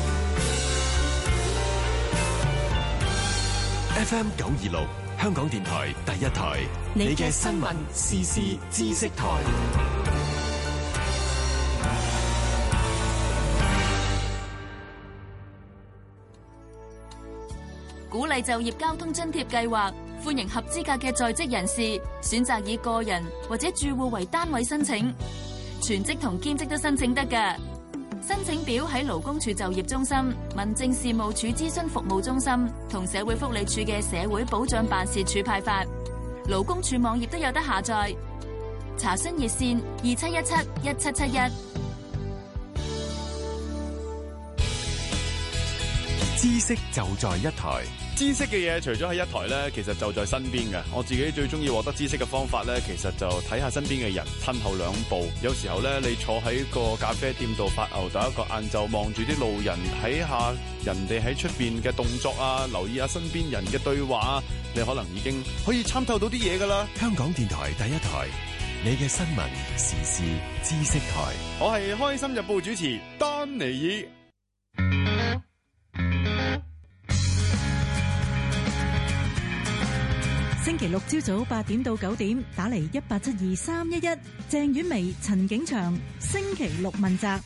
FM 九二六，26，香港電台第一台。你嘅新聞時事知識台，鼓勵就業交通津貼計劃，歡迎合資格嘅在職人士選擇以個人或者住戶為單位申請，全職同兼職都申請得噶。申請表喺勞工處就業中心、民政事務處諮詢服務中心同社會福利處嘅社會保障辦事處派發，勞工處網頁都有得下載。查詢熱線二七一七一七七一。知識就在一台。知識嘅嘢，除咗喺一台呢，其實就在身邊嘅。我自己最中意獲得知識嘅方法呢，其實就睇下身邊嘅人，吞後兩步。有時候呢，你坐喺個咖啡店度發吽哣，第一個晏晝望住啲路人，睇下人哋喺出邊嘅動作啊，留意下身邊人嘅對話，你可能已經可以參透到啲嘢噶啦。香港電台第一台，你嘅新聞時事知識台，我係開心日報主持丹尼爾。星期六朝早八點到九點，打嚟一八七二三一一，鄭婉薇、陳景祥，星期六問責。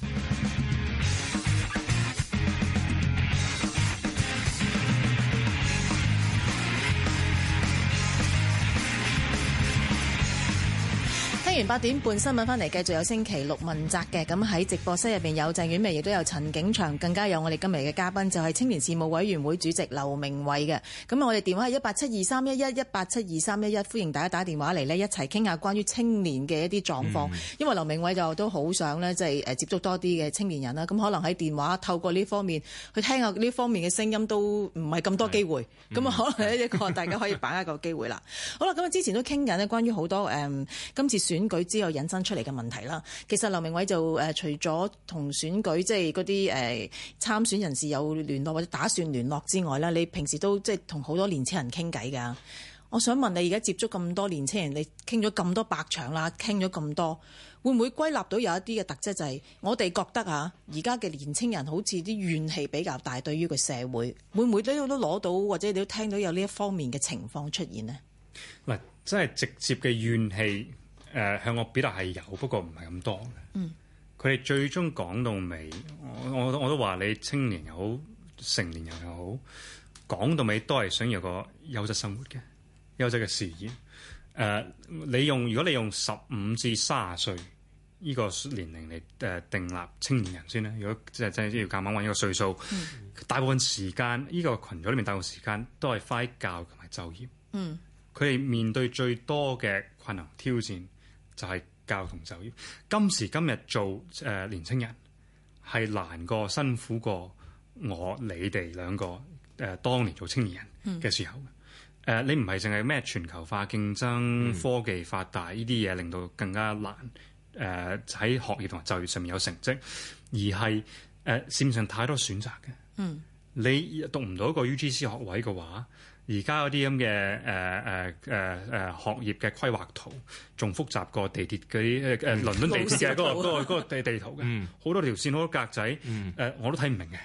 八點半新聞翻嚟，繼續有星期六問責嘅。咁喺直播室入邊有鄭婉薇，亦都有陳景祥，更加有我哋今日嘅嘉賓，就係、是、青年事務委員會主席劉鳴煒嘅。咁我哋電話係一八七二三一一一八七二三一一，11，歡迎大家打電話嚟呢一齊傾下關於青年嘅一啲狀況。嗯、因為劉鳴煒就都好想呢，即、就、係、是、接觸多啲嘅青年人啦。咁可能喺電話透過呢方面去聽下呢方面嘅聲音，都唔係咁多機會。咁啊，嗯、可能一個大家可以把握一個機會啦。 好啦，咁啊之前都傾緊咧，關於好多誒、嗯、今次選。選舉之後引申出嚟嘅問題啦。其實劉鳴煒就誒、呃，除咗同選舉即係嗰啲誒參選人士有聯絡或者打算聯絡之外啦，你平時都即係同好多年青人傾偈㗎。我想問你，而家接觸咁多年青人，你傾咗咁多百場啦，傾咗咁多，會唔會歸納到有一啲嘅特質？就係、是、我哋覺得呀，而家嘅年青人好似啲怨氣比較大，對於個社會會唔會都都攞到，或者你都聽到有呢一方面嘅情況出現呢？嗱，真係直接嘅怨氣。誒向我表達係有，不過唔係咁多嘅。嗯，佢哋最終講到尾，我我我都話你青年又好，成年人又好，講到尾都係想要有個優質生活嘅優質嘅事業。誒、呃，你用如果你用十五至卅歲呢個年齡嚟誒訂立青年人先啦，如果即係真係要夾硬揾一個歲數，嗯、大部分時間呢、呢個群組裡面大部分時間都係快教同埋就業。嗯，佢哋面對最多嘅困難挑戰。就係教育同就業，今時今日做誒、呃、年青人，係難過辛苦過我你哋兩個誒、呃、當年做青年人嘅時候。誒、嗯呃、你唔係淨係咩全球化競爭、嗯、科技發達呢啲嘢，令到更加難誒喺、呃、學業同埋就業上面有成績，而係誒線上太多選擇嘅。嗯，你讀唔到一個 UGC 學位嘅話。而家嗰啲咁嘅誒誒誒誒學業嘅規劃圖，仲複雜過地鐵嗰啲誒倫敦地鐵嘅嗰、嗰個嗰地、 嗯、地圖嘅，好多條線，好多格仔誒、呃，我都睇唔明嘅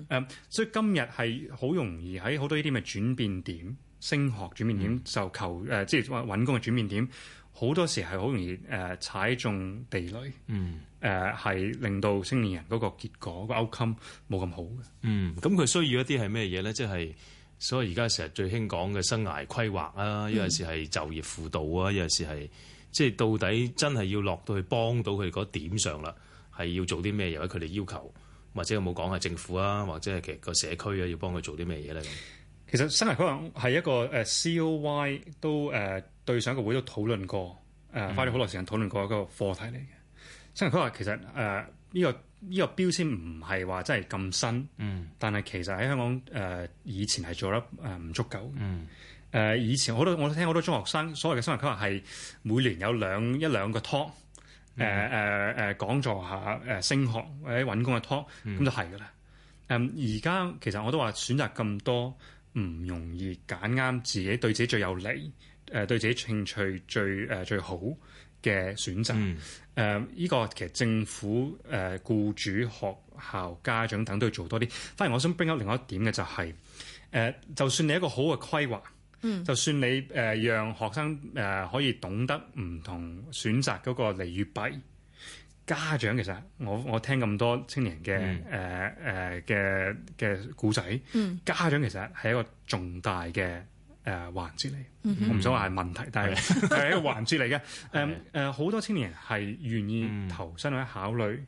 誒、呃。所以今日係好容易喺好多呢啲嘅轉變點、升學轉變點、就、嗯、求誒、呃、即係揾工嘅轉變點，好多時係好容易誒、呃、踩中地雷，誒係、嗯呃、令到青年人嗰個結果個 outcome 冇咁好嘅。嗯，咁佢需要一啲係咩嘢咧？即係所以而家成日最興講嘅生涯規劃啊，有陣時係就業輔導啊，有陣時係即係到底真係要落到去幫到佢嗰點上啦，係要做啲咩？由佢哋要求，或者有冇講下政府啊，或者係其實個社區啊，要幫佢做啲咩嘢咧？其實生涯規劃係一個誒 COY 都誒、呃、對上一個會都討論過誒、呃，花咗好耐時間討論過一個課題嚟嘅。生涯規劃其實誒。呃呢、這個呢、這個標籤唔係話真係咁新，嗯、但係其實喺香港誒、呃、以前係做得誒唔足夠。誒、嗯呃、以前我都我都聽好多中學生所謂嘅生涯規劃係每年有兩一兩個 talk，誒誒誒講座下誒、呃、升學或者揾工嘅 talk，咁、嗯、就係㗎啦。誒而家其實我都話選擇咁多，唔容易揀啱自己，對自己最有利、誒對自己興趣最誒最，最好嘅選擇。誒呢、呃這個其實政府、誒、呃、雇主、學校、家長等都要做多啲。反而我想 bring up 另外一點嘅就係、是，誒、呃就，嗯、就算你一個好嘅規劃，嗯、呃，就算你誒讓學生誒、呃、可以懂得唔同選擇嗰個利與弊，家長其實我我聽咁多青年嘅誒誒嘅嘅故仔，嗯、家長其實係一個重大嘅。誒、呃、環節嚟，mm hmm. 我唔想話係問題，但係係一個環節嚟嘅。誒誒、 呃，好、呃、多青年人係願意投身去考慮、mm hmm.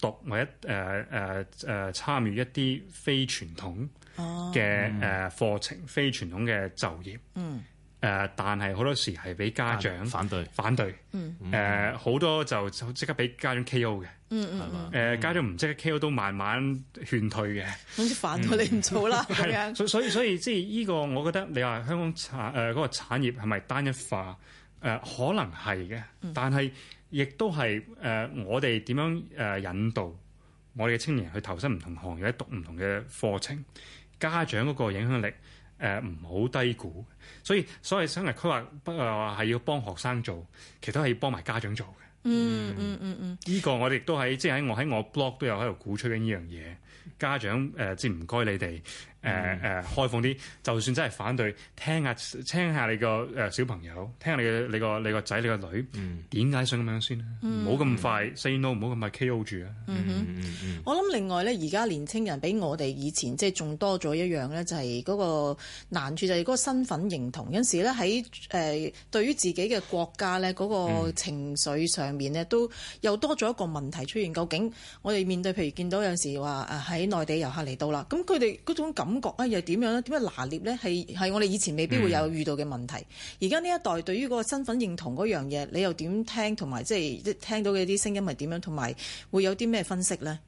讀或者誒誒誒參與一啲非傳統嘅誒課程，非傳統嘅就業。Mm hmm. 誒、呃，但係好多時係俾家長反對，反對，誒好、嗯呃、多就即刻俾家長 K.O. 嘅，係嘛？誒家長唔即刻 K.O. 都慢慢勸退嘅，好似煩到你唔做啦，係啊、嗯！ 所以所以所以，即係依個，我覺得你話香港產誒嗰、呃嗰個產業係咪單一化？誒、呃、可能係嘅，嗯、但係亦都係誒我哋點樣誒引導我哋嘅青年去投身唔同行業、讀唔同嘅課程，家長嗰個影響力。誒唔好低估，所以所謂生涯規劃不過話係要幫學生做，其實都係要幫埋家長做嘅。嗯嗯嗯嗯，呢個我哋都喺即係喺我喺我 blog 都有喺度鼓吹緊呢樣嘢，家長誒即唔該你哋。誒誒、嗯、開放啲，就算真係反對，聽下聽下你個誒小朋友，聽下你嘅你個你個仔你個女點解、嗯、想咁樣先，唔好咁快 say no，唔好咁快 KO 住啊！我諗另外咧，而家年青人比我哋以前即係仲多咗一樣咧，就係、是、嗰個難處就係嗰個身份認同。有時咧喺誒對於自己嘅國家咧嗰個情緒上面呢，都又多咗一個問題出現。究竟我哋面對譬如見到有時話誒喺內地遊客嚟到啦，咁佢哋嗰種感感覺啊，又點樣咧？點樣拿捏咧？係係我哋以前未必會有遇到嘅問題。而家呢一代對於嗰個身份認同嗰樣嘢，你又點聽同埋即係聽到嘅啲聲音係點樣，同埋會有啲咩分析咧？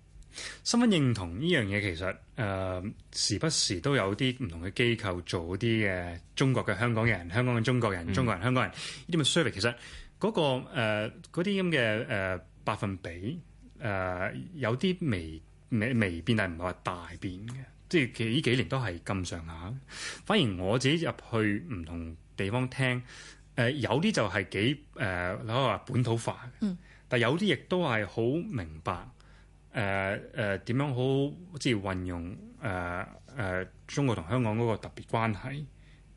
身份認同呢樣嘢其實誒、呃、時不時都有啲唔同嘅機構做啲嘅中國嘅香港人、香港嘅中國人、嗯、中國人、香港人呢啲嘅 survey 其實嗰、嗰個嗰啲咁嘅誒百分比誒、呃、有啲微微微變，但係唔係話大變嘅。即係幾呢幾年都係咁上下，反而我自己入去唔同地方聽，誒、呃、有啲就係幾誒，可以話本土化嘅，嗯、但有啲亦都係好明白，誒誒點樣好即係運用誒誒、呃呃、中國同香港嗰個特別關係，誒、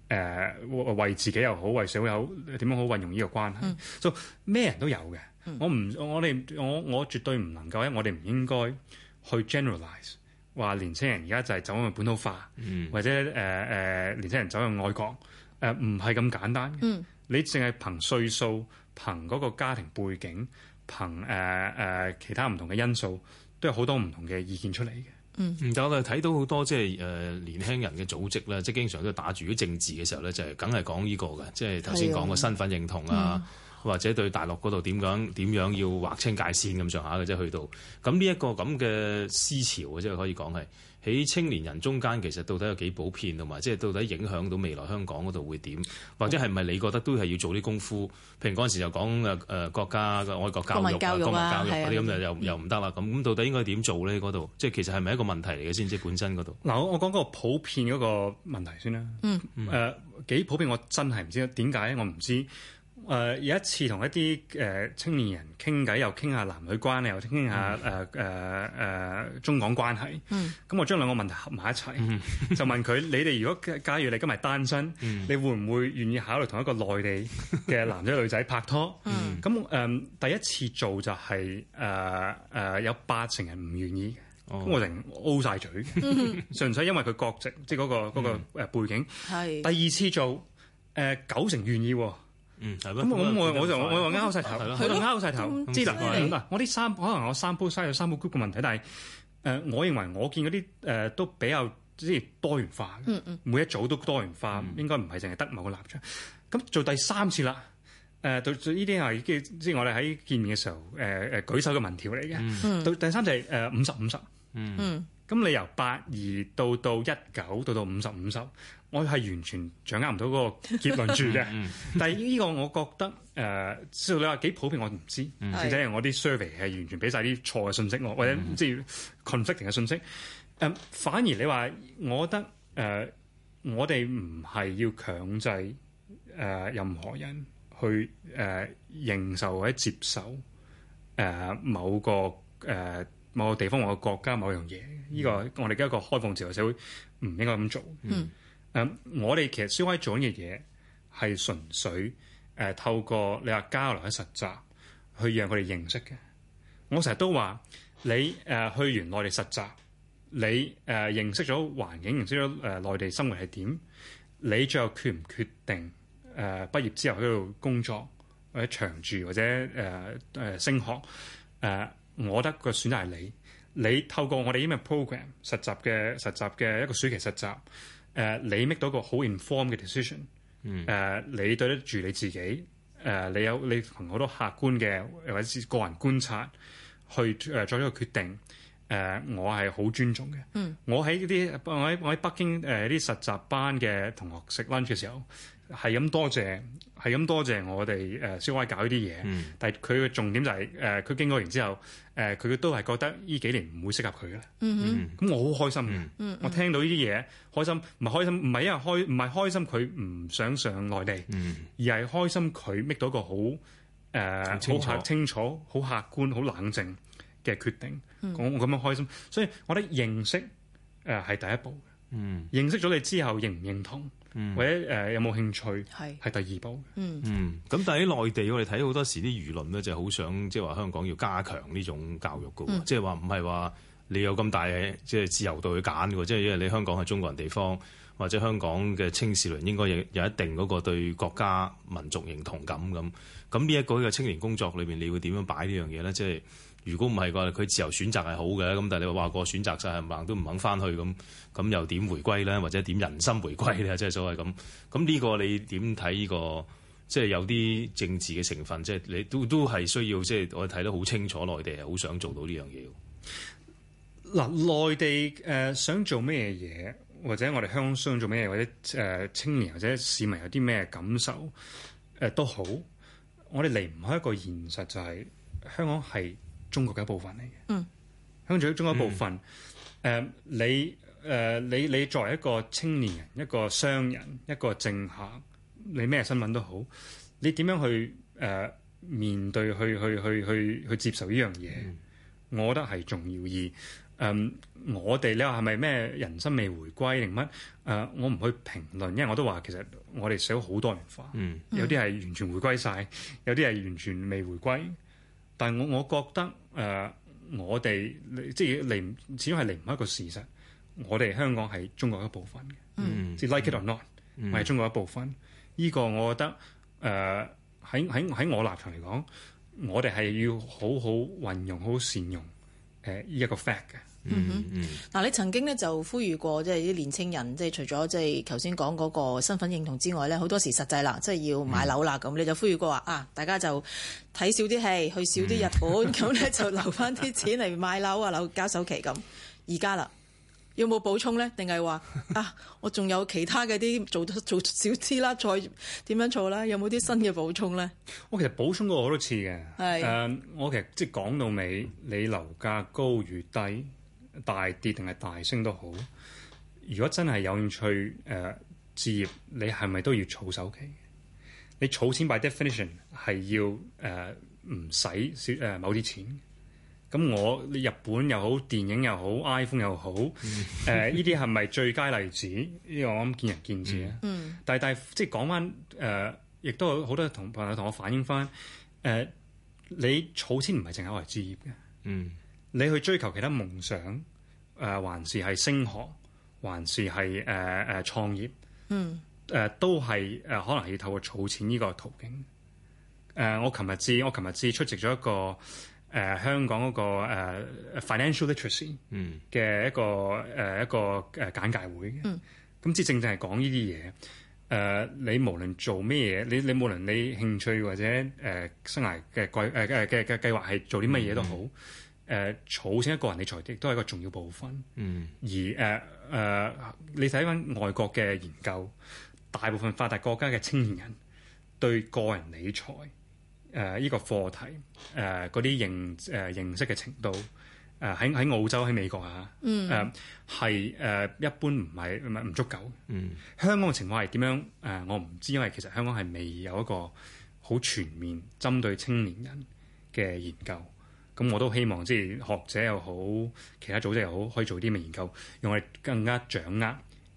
呃、為自己又好，為社會又好，點樣好運用呢個關係，就咩、嗯 so，人都有嘅。我唔我哋我我絕對唔能夠，我哋唔應該去 generalize。話年輕人而家就係走向本土化，嗯、或者誒誒、呃、年輕人走向外國，誒唔係咁簡單嘅。嗯、你淨係憑歲數、憑嗰個家庭背景、憑誒誒、呃呃、其他唔同嘅因素，都有好多唔同嘅意見出嚟嘅。嗯，但我哋睇到好多即係誒年輕人嘅組織咧，即、就、係、是、經常都打住啲政治嘅時候咧，就係梗係講呢個嘅，即係頭先講個身份認同啊。嗯嗯或者對大陸嗰度點講點樣要劃清界線咁上下嘅，即係去到咁呢一個咁嘅思潮嘅，即係可以講係喺青年人中間，其實到底有幾普遍，同埋即係到底影響到未來香港嗰度會點？或者係唔係你覺得都係要做啲功夫？譬如嗰陣時就講誒誒國家嘅愛國教育、公民教育嗰啲咁就又的又唔得啦。咁到底應該點做咧？嗰度即係其實係咪一個問題嚟嘅先？即係本身嗰度嗱，我講嗰個普遍嗰個問題先啦。嗯誒，幾普遍？我真係唔知點解，我唔知。誒有一次同一啲誒青年人傾偈，又傾下男女關係，又傾傾下誒誒誒中港關係。嗯。咁我將兩個問題合埋一齊，就問佢：你哋如果假如你今日單身，你會唔會願意考慮同一個內地嘅男仔女仔拍拖？咁誒第一次做就係誒誒有八成人唔願意，咁我成 O 晒嘴，純粹因為佢國籍，即係嗰個嗰個誒背景。係。第二次做誒九成願意。嗯，咁我咁我我就我就拗晒頭，佢就拗晒頭，知嗱，我啲三可能我三個 side 有三個 group 嘅問題，但係誒，我認為我見嗰啲誒都比較即係多元化，每一組都多元化，應該唔係淨係得某個立場。咁做第三次啦，誒，做呢啲係即係我哋喺見面嘅時候誒誒舉手嘅問條嚟嘅。到第三就係誒五十五十，嗯，咁你由八二到到一九到到五十五十。我係完全掌握唔到嗰個結論住嘅， 但係呢個我覺得誒，即、呃、係你話幾普遍我， 我唔知，或者我啲 survey 係完全俾晒啲錯嘅信息我，或者即係 conflicting 嘅信息。誒、呃，反而你話，我覺得誒、呃，我哋唔係要強制誒、呃、任何人去誒、呃、認受或者接受誒、呃、某個誒、呃、某個地方或個國家某樣嘢。呢、這個 我哋嘅一個開放自由社會唔應該咁做。嗯誒、嗯，我哋其實燒開做緊嘅嘢係純粹誒、呃，透過你話交流去實習，去讓佢哋認識嘅。我成日都話你誒、呃、去完內地實習，你誒、呃、認識咗環境，認識咗誒、呃、內地生活係點，你最後決唔決定誒、呃、畢業之後喺度工作或者長住或者誒誒、呃呃、升學？誒、呃，我覺得個選擇係你。你透過我哋依個 program 實習嘅實習嘅一個暑期實習。誒你 make 到個好 inform 嘅 decision，誒你對得住你自己，誒你有你同好多客觀嘅或者個人觀察去誒作出一個決定，誒我係好尊重嘅。我喺啲我喺我喺北京誒啲實習班嘅同學食 lunch 嘅時候，係咁多謝。係咁多謝我哋誒小威搞呢啲嘢，嗯、但係佢嘅重點就係誒佢經過完之後，誒佢都係覺得呢幾年唔會適合佢嘅。嗯哼，咁我好開心嘅。嗯，我聽到呢啲嘢，開心唔係開心，唔係因為開唔係開心，佢唔想上內地，嗯、而係開心佢搣到一個好誒好清楚、好清楚、好客觀、好冷靜嘅決定。嗯、我咁樣開心，所以我覺得認識誒係第一步。嗯，認識咗你之後認唔認同？有有，嗯，或者誒有冇興趣係係第二步嗯嗯，咁但係喺內地我哋睇好多時啲輿論咧，就係好想即係話香港要加強呢種教育嘅喎，即係話唔係話你有咁大嘅即係自由度去揀嘅喎，即係因為你香港係中國人地方，或者香港嘅青少年人應該有有一定嗰個對國家民族認同感，咁。咁呢一個嘅青年工作裏邊，你會點樣擺呢樣嘢咧？即係。如果唔係嘅，佢自由選擇係好嘅。咁但係你話個選擇曬係盲都唔肯翻去咁咁，又點回歸呢？或者點人心回歸呢？即係所謂咁咁呢個你點睇？呢個即係有啲政治嘅成分，即係你都都係需要。即係我睇得好清楚，內地係好想做到呢樣嘢。嗱，內地誒想做咩嘢，或者我哋香港想做咩嘢，或者誒青年或者市民有啲咩感受誒都好。我哋離唔開一個現實，就係香港係中國嘅一部分嚟嘅，香港中國一部分，誒你誒、呃、你你作為一個青年人、一個商人、一個政客，你咩新聞都好，你點樣去誒、呃、面對去去去去去接受呢樣嘢？嗯、我覺得係重要而誒、呃，我哋你話係咪咩人生未回歸定乜？誒、呃、我唔去評論，因為我都話其實我哋社會好多元化，嗯、有啲係完全回歸晒，有啲係完全未回歸。但係我我覺得誒、呃，我哋即係離，始終係離唔開一個事實，我哋香港係中國一部分嘅，mm. 即係 like it or not，唔係、mm. 中國一部分。呢、這個我覺得誒，喺喺喺我立場嚟講，我哋係要好好運用、好善用誒呢一個 fact 嘅。Mm hmm. 嗯哼，嗱，你曾經咧就呼籲過，即係啲年青人，即係除咗即係頭先講嗰個身份認同之外咧，好多時實際啦，即係要買樓啦咁，你就呼籲過話啊，大家就睇少啲戲，去少啲日本咁咧， 就留翻啲錢嚟買樓啊，樓交首期咁。而家啦，有冇補充咧？定係話啊，我仲有其他嘅啲做得做少啲啦，再點樣做咧？有冇啲新嘅補充咧？ 我其實補充過好多次嘅，誒的， uh, 我其實即係講到尾，你樓價高與低。大跌定係大升都好，如果真係有興趣誒、呃、置業，你係咪都要儲首期？你儲錢 by definition 係要誒唔使誒某啲錢。咁我日本又好，電影又好，iPhone 又好，誒呢啲係咪最佳例子？呢個我諗見仁見智啊。但係但係即係講翻誒，亦、就是呃、都有好多同朋友同我反映翻誒、呃，你儲錢唔係淨係為置業嘅。嗯。你去追求其他夢想，誒、呃，還是係升學，還是係誒誒創業，嗯、呃，誒都係誒、呃，可能係要透過儲錢呢個途徑。誒、呃，我琴日至我琴日至出席咗一個誒、呃、香港嗰個誒、呃、Financial Literacy 嘅一個誒、呃、一個誒簡介會咁至、嗯嗯嗯、正正係講呢啲嘢。誒、呃，你無論做咩嘢，你你無論你興趣或者誒、呃、生涯嘅、呃呃、計誒誒嘅嘅計劃係做啲乜嘢都好都。誒儲錢一個人理財亦都係一個重要部分。嗯。而誒誒、呃呃，你睇翻外國嘅研究，大部分發達國家嘅青年人對個人理財誒依、呃呢個課題誒嗰啲認誒、呃、認識嘅程度誒，喺喺澳洲喺美國啊，誒係誒一般唔係唔唔足夠。嗯。香港嘅情況係點樣？誒、呃、我唔知，因為其實香港係未有一個好全面針對青年人嘅研究。咁我都希望，即係學者又好，其他組織又好，可以做啲咩研究，用嚟更加掌握。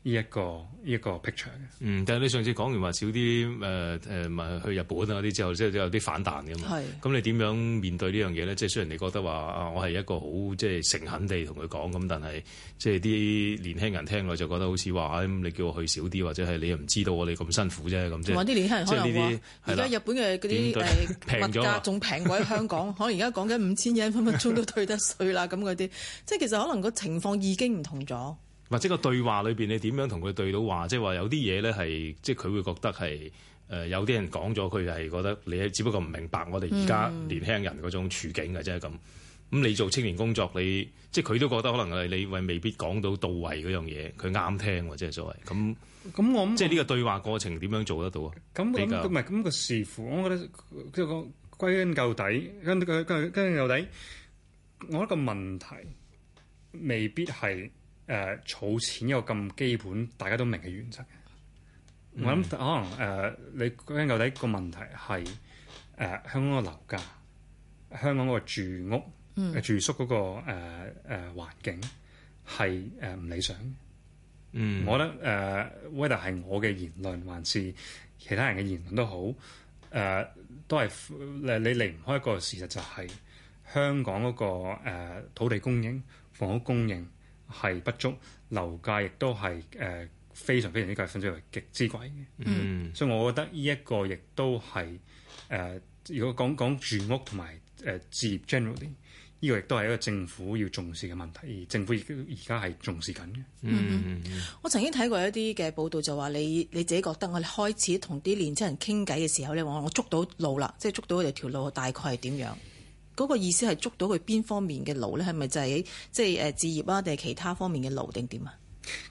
呢一個呢一個 picture 嗯，但係你上次講完話少啲誒誒，咪、呃呃、去日本嗰啲之後，即係有啲反彈嘅嘛。咁你點樣面對呢樣嘢咧？即係雖然你覺得話啊，我係一個好即係誠懇地同佢講咁，但係即係啲年輕人聽落就覺得好似話你叫我去少啲，或者係你又唔知道我哋咁辛苦啫咁。即係話啲年輕人可能話，而家日本嘅嗰啲誒物價仲平過喺香港，可能而家講緊五千 yen 分分鐘都退得稅啦咁嗰啲，即係其實可能個情況已經唔同咗。或者個對話裏邊，你點樣同佢對到話？就是、即係話有啲嘢咧，係即係佢會覺得係誒有啲人講咗，佢係覺得你只不過唔明白我哋而家年輕人嗰種處境嘅，啫、嗯。係咁。咁、嗯、你做青年工作，你即係佢都覺得可能係你未必講到到位嗰樣嘢，佢啱聽喎，即係所謂咁。咁我、嗯、那即係呢個對話過程點樣做得到啊？咁比唔係咁個視乎，我覺得即係個歸根究底，根根，根，根，根究底，我一個問題未必係。誒儲、uh, 錢一個咁基本大家都明嘅原則嘅。Mm. 我諗可能誒、uh, 你究竟到底個問題係誒、uh, 香港個樓價，香港個住屋、mm. 住宿嗰、那個誒誒、uh, uh, 環境係誒唔理想。嗯，mm. 我覺得誒 whether 係我嘅言論，還是其他人嘅言論都好誒，uh, 都係你離唔開一個事實，就係香港嗰、那個、uh, 土地供應、房屋供應。係不足，樓價亦都係誒、呃、非常非常之貴，甚至係極之貴嘅。嗯、mm，hmm. 所以我覺得呢一個亦都係誒、呃，如果講講住屋同埋誒置業 generally，呢個亦都係一個政府要重視嘅問題，而政府而而家係重視緊嘅。嗯嗯嗯，hmm. mm hmm. 我曾經睇過一啲嘅報道就，就話你你自己覺得我開始同啲年青人傾偈嘅時候咧，我我捉到路啦，即、就、係、是、捉到佢哋條路大概係點樣？嗰個意思係捉到佢邊方面嘅路咧？係咪就係喺即係誒置業啊，定係其他方面嘅路定點啊？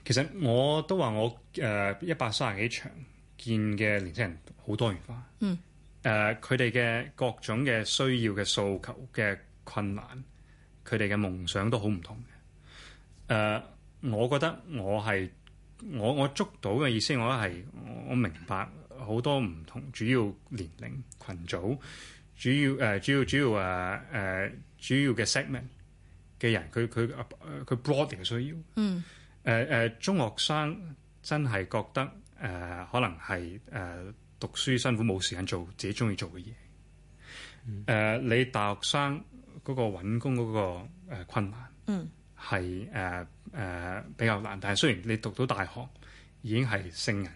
其實我都話我誒一百三十幾場見嘅年輕人好多元化。嗯誒，佢哋嘅各種嘅需要嘅訴求嘅困難，佢哋嘅夢想都好唔同嘅。誒、uh，我覺得我係我我捉到嘅意思，我係我我明白好多唔同主要年齡群組。主要誒、啊，主要主要誒誒，主要嘅 segment 嘅人，佢佢佢 broad 嘅需要。嗯。誒誒、啊，中學生真係覺得誒、啊，可能係誒、啊、讀書辛苦，冇時間做自己中意做嘅嘢。誒、嗯啊，你大學生嗰個揾工嗰個困難，嗯，係誒誒比較難。但係雖然你讀到大學，已經係成人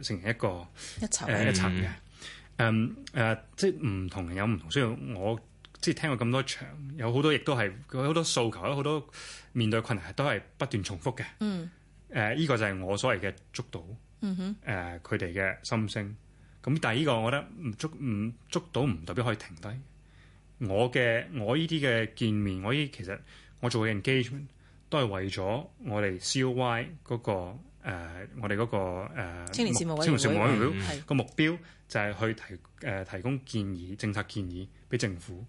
誒，成、啊、人一個一層一層嘅。嗯嗯誒誒、um, uh，即係唔同人有唔同需要，所以我即係聽過咁多場，有好多亦都係，有好多訴求，有好多面對困難都係不斷重複嘅。嗯。誒，呢個就係我所謂嘅捉到。嗯哼。誒，佢哋嘅心聲。咁但係呢個，我覺得唔捉唔捉到，唔代表可以停低。我嘅我呢啲嘅見面，我呢其實我做嘅 engagement 都係為咗我哋 COY 嗰、那個。誒、啊，我哋嗰、那個誒、啊、青年事務委員會嘅目標就係去提誒、呃、提供建議政策建議俾政府，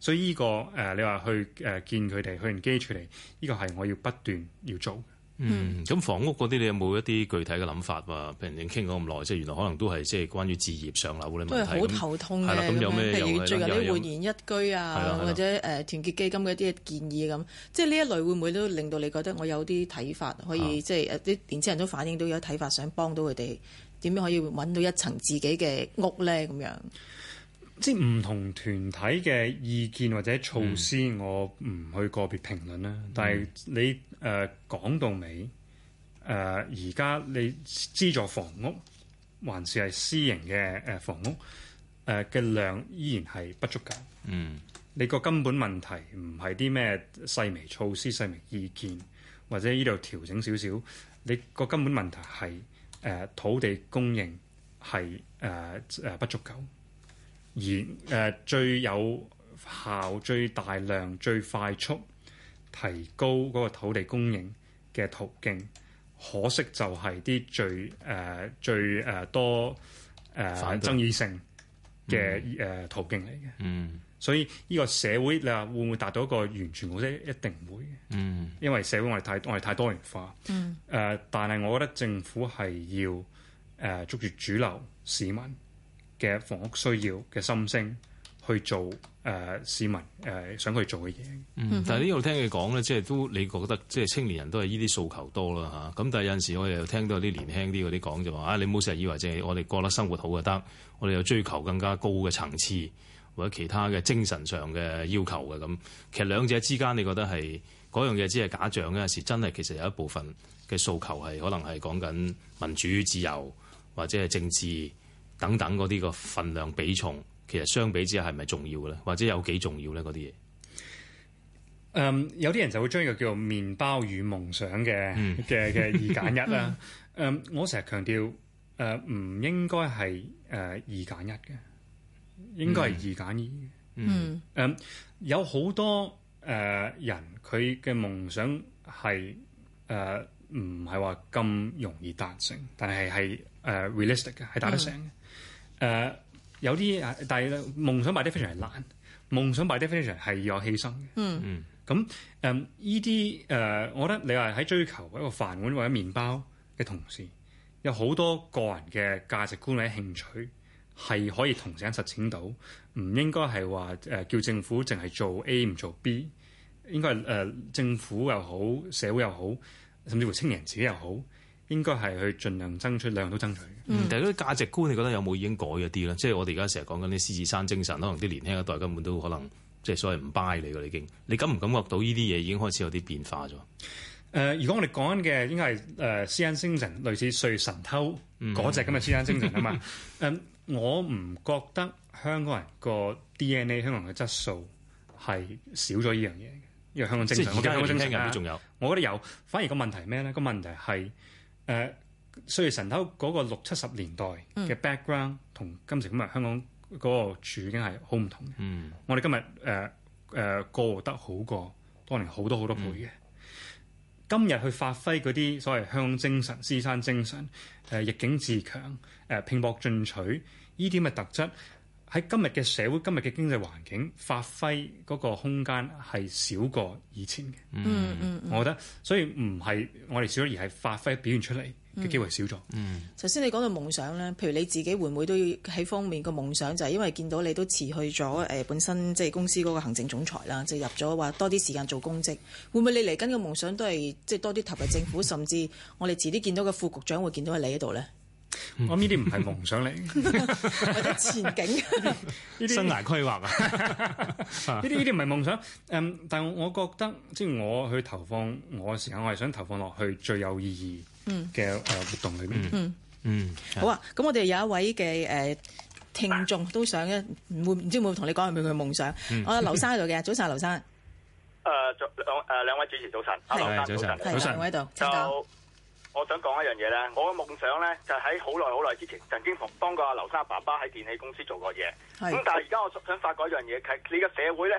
所以呢、這個誒、呃、你話去誒見佢哋去 engage 佢哋，呢、這個係我要不斷要做嘅。嗯，咁房屋嗰啲你有冇一啲具體嘅諗法啊？譬如你傾咗咁耐，即係原來可能都係即係關於置業上樓，嗰啲問題。好頭痛嘅。係啦，咁那的有咩有最近啲煥然一居啊，的或者誒團的結基金嗰啲建議咁、啊，的即係呢一類會唔會都令到你覺得我有啲睇法，可以的即係誒啲年青人都反映到有啲睇法想，想幫到佢哋點樣可以揾到一層自己嘅屋咧咁樣。即唔同團體嘅意見或者措施，我唔去個別評論啦。嗯、但係你誒、呃、講到尾誒，而、呃、家你資助房屋還是係私營嘅誒、呃、房屋誒嘅量依然係不足夠。嗯，你個根本問題唔係啲咩細微措施、細微意見或者呢度調整少少，你個根本問題係誒、呃、土地供應係誒誒不足夠。而誒、呃、最有效、最大量、最快速提高嗰個土地供應嘅途徑，可惜就係啲最誒、呃、最誒、呃、多誒、呃、反正爭議性嘅誒途徑嚟嘅。嗯，呃、嗯所以呢、這個社會你話會唔會達到一個完全冇咧？一定會嘅。嗯，因為社會我哋太我哋太多元化。嗯。誒、呃，但係我覺得政府係要誒、呃、捉住主流市民。嘅房屋需要嘅心聲去做，誒、呃、市民誒、呃、想去做嘅嘢。嗯，嗯但係呢度聽佢講咧，即、就、係、是、都你覺得，即係青年人都係依啲訴求多啦吓。咁但係有陣時，我哋又聽到啲年輕啲嗰啲講就話：啊，你冇成日以為即係我哋過得生活好就得，我哋又追求更加高嘅層次，或者其他嘅精神上嘅要求嘅咁。其實兩者之間，你覺得係嗰樣嘢只係假象，有陣時真係其實有一部分嘅訴求係可能係講緊民主自由，或者係政治，等等嗰啲個份量比重，其實相比之下係咪重要嘅咧？或者有幾重要咧？嗰啲嘢，誒有啲人就會將呢個叫做麵包與夢想嘅嘅嘅二選一啦。誒、 嗯，我成日強調誒唔、呃、應該係誒、呃、二選一嘅，應該係二選二，嗯，誒、嗯嗯、有好多誒、呃、人佢嘅夢想係誒唔係話咁容易達成，但係係誒 realistic 嘅，係達得成誒、uh, 有啲啊，但係咧，夢想 by definition 係難，夢想 by definition 係有犧牲嘅、mm.。嗯，咁誒依啲誒，我覺得你話喺追求一個飯碗或者麵包嘅同時，有好多個人嘅價值觀或者興趣係可以同時間實踐到，唔應該係話誒叫政府淨係做 A 唔做 B，應該誒、呃、政府又好，社會又好，甚至乎青年自己又好。應該係去盡量爭取量都爭取。嗯、但係嗰啲價值觀，你覺得有冇已經改咗啲咧？即係我哋而家成日講緊啲獅子山精神，可能啲年輕一代根本都可能、嗯、即係所謂唔 buy 你噶啦。已經你感唔感覺到呢啲嘢已經開始有啲變化咗？誒、呃，如果我哋講緊嘅應該係誒獅子山精神，類似《碎神偷》嗰隻咁嘅獅子山精神啊嘛。誒，我唔覺得香港人個 D N A 香港人嘅質素係少咗呢樣嘢，因為香港正常，我見 香港年輕人都仲有， 我覺得有。反而個問題係咩咧？個問題係。誒，歲月、呃、神偷嗰個六七十年代嘅 background 同今時今日香港嗰個處境係好唔同嘅。嗯、我哋今日誒誒、呃呃、過得好過當年好多好多倍嘅。嗯、今日去發揮嗰啲所謂香港精神、獅山精神、誒、呃、逆境自強、誒、呃、拼搏進取呢啲咁嘅特質，喺今日嘅社會，今日嘅經濟環境，發揮嗰個空間係少過以前嘅。嗯嗯、mm hmm。我覺得，所以唔係我哋少咗，而係發揮表現出嚟嘅機會少咗。嗯、mm、hmm。頭先你講到夢想咧，譬如你自己會唔會都要喺方面個夢想，就係、是、因為見到你都辭去咗誒、呃、本身即係公司嗰個行政總裁啦，就入咗話多啲時間做公職，會唔會你嚟緊嘅夢想都係即係多啲投入政府，甚至我哋遲啲見到嘅副局長會見到喺你嗰度咧？我呢啲唔係夢想嚟，或者前景、呢啲生涯規劃啊，呢啲呢啲唔係夢想，嗯，但係我覺得即係我去投放我嘅時間，我係想投放落去最有意義嘅誒活動裏邊。嗯嗯，好啊，咁我哋有一位嘅誒聽眾都想一，唔會唔知會唔會同你講係咪佢嘅夢想？我劉生喺度嘅，早晨劉生。誒，兩誒兩位主持早晨，Hello，早晨早晨，係我喺度，我想講一樣嘢呢，我嘅夢想呢就喺好耐好耐之前曾經幫過阿劉生爸爸喺電器公司做過嘢。咁的但係而家我想發覺一樣嘢，係，就是，你嘅社會呢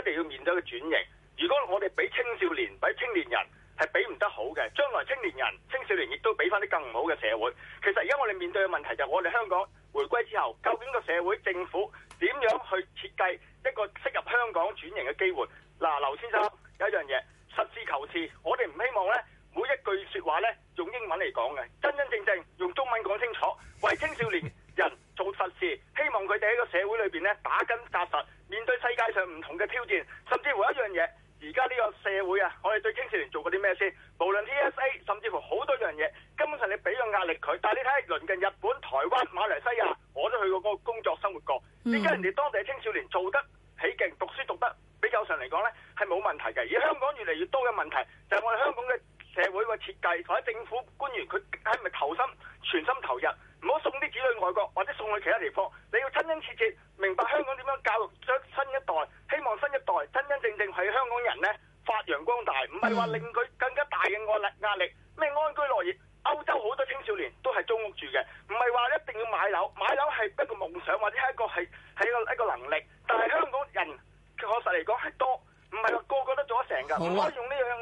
一定要面對嘅轉型。如果我哋俾青少年，俾青年人係俾唔得好嘅，將來青年人，青少年亦都俾翻啲更唔好嘅社會。其實而家我哋面對嘅問題就係我哋香港回歸之後，究竟個社會，政府點樣去設計一個適合香港轉型嘅機會？嗱、呃，劉先生有一樣嘢，實事求是，我哋唔希望呢。每一句説話咧，用英文嚟講嘅，真真正正用中文講清楚，為青少年人做實事，希望佢哋喺個社會裏邊咧打緊紮實，面對世界上唔同嘅挑戰。甚至乎一樣嘢，而家呢個社會啊，我哋對青少年做過啲咩先？無論 TSA，甚至乎好多樣嘢，根本上你俾個壓力佢。但係你睇下鄰近日本、台灣、馬來西亞，我都去過嗰個工作生活過，點解人哋當地青少年做得起勁，讀書讀得比較上嚟講咧係冇問題嘅。而香港越嚟越多嘅問題，就係我哋香港嘅。社會個設計或者政府官員佢係咪投心全心投入？唔好送啲子女去外國或者送去其他地方。你要真真切切明白香港點樣教育咗新一代，希望新一代真真正正係香港人呢發揚光大，唔係話令佢更加大嘅壓力壓力咩安居樂業。歐洲好多青少年都係租屋住嘅，唔係話一定要買樓，買樓係一個夢想或者係一個係係一個一個能力。但係香港人確實嚟講係多，唔係話個個都做得成噶。好啊。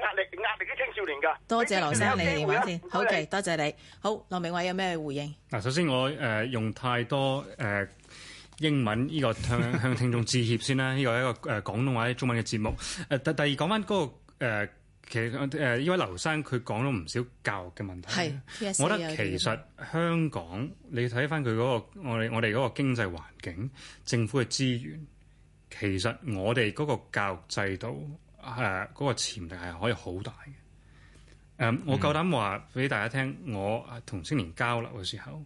壓力壓力啲青少年㗎，多謝劉生、嗯、你，謝你，嘅好嘅，多謝你。好，羅明偉有咩回應？嗱，首先我誒、呃、用太多誒、呃、英文呢個向向聽眾致歉先啦。依 個係一個誒、呃、廣東話、中文嘅節目。誒、呃、第第二講翻嗰個、呃、其實誒呢位劉生佢講咗唔少教育嘅問題。係，我覺得其實香港，你睇翻佢嗰個我哋我哋嗰個經濟環境、政府嘅資源，其實我哋嗰個教育制度。誒、呃嗰個潛力係可以好大嘅，誒、呃，我夠膽話俾大家聽，我誒同青年交流嘅時候，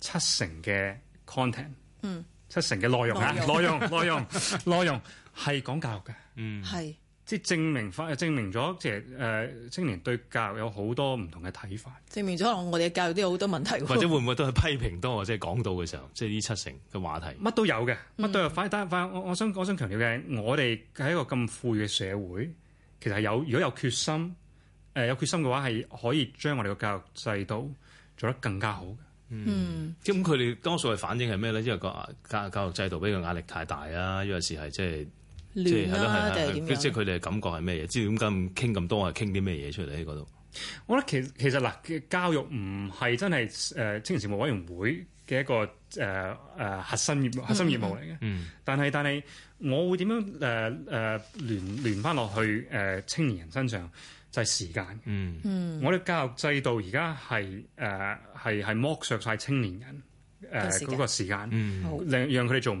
七成嘅 content，嗯，七成嘅內容啊，內容、嗯、內容 內容內容係講教育嘅，嗯，係。啲證明法證明咗，即係誒青年對教育有好多唔同嘅睇法。證明咗可能我哋嘅教育都有好多問題，或者會唔會都係批評多，或者係講到嘅時候，即係呢七成嘅話題，乜都有嘅，乜都有。嗯，反但反，我我想我想強調嘅係，我哋喺一個咁富裕嘅社會，其實係有，如果有決心，誒、呃、有決心嘅話，係可以將我哋嘅教育制度做得更加好嘅。嗯，咁佢哋多數係反應係咩咧？因為個教教育制度俾佢壓力太大啊，因為事係即係。啊、即係係啦，係啦，即係佢哋嘅感覺係咩嘢？即係點解傾咁多啊傾啲咩嘢出嚟喺度？我覺得其其實嗱、呃，教育唔係真係誒青年事務委員會嘅一個誒誒、呃、核心業核心業務嚟嘅。嗯。但係是、嗯、但係我會點樣誒誒、呃呃、聯聯翻落去誒青、呃、年人身上就係、是、時間，嗯嗯。嗯，我哋教育制度而家係誒係係剝削晒青年人誒個時間，嗯。令讓佢哋做唔到。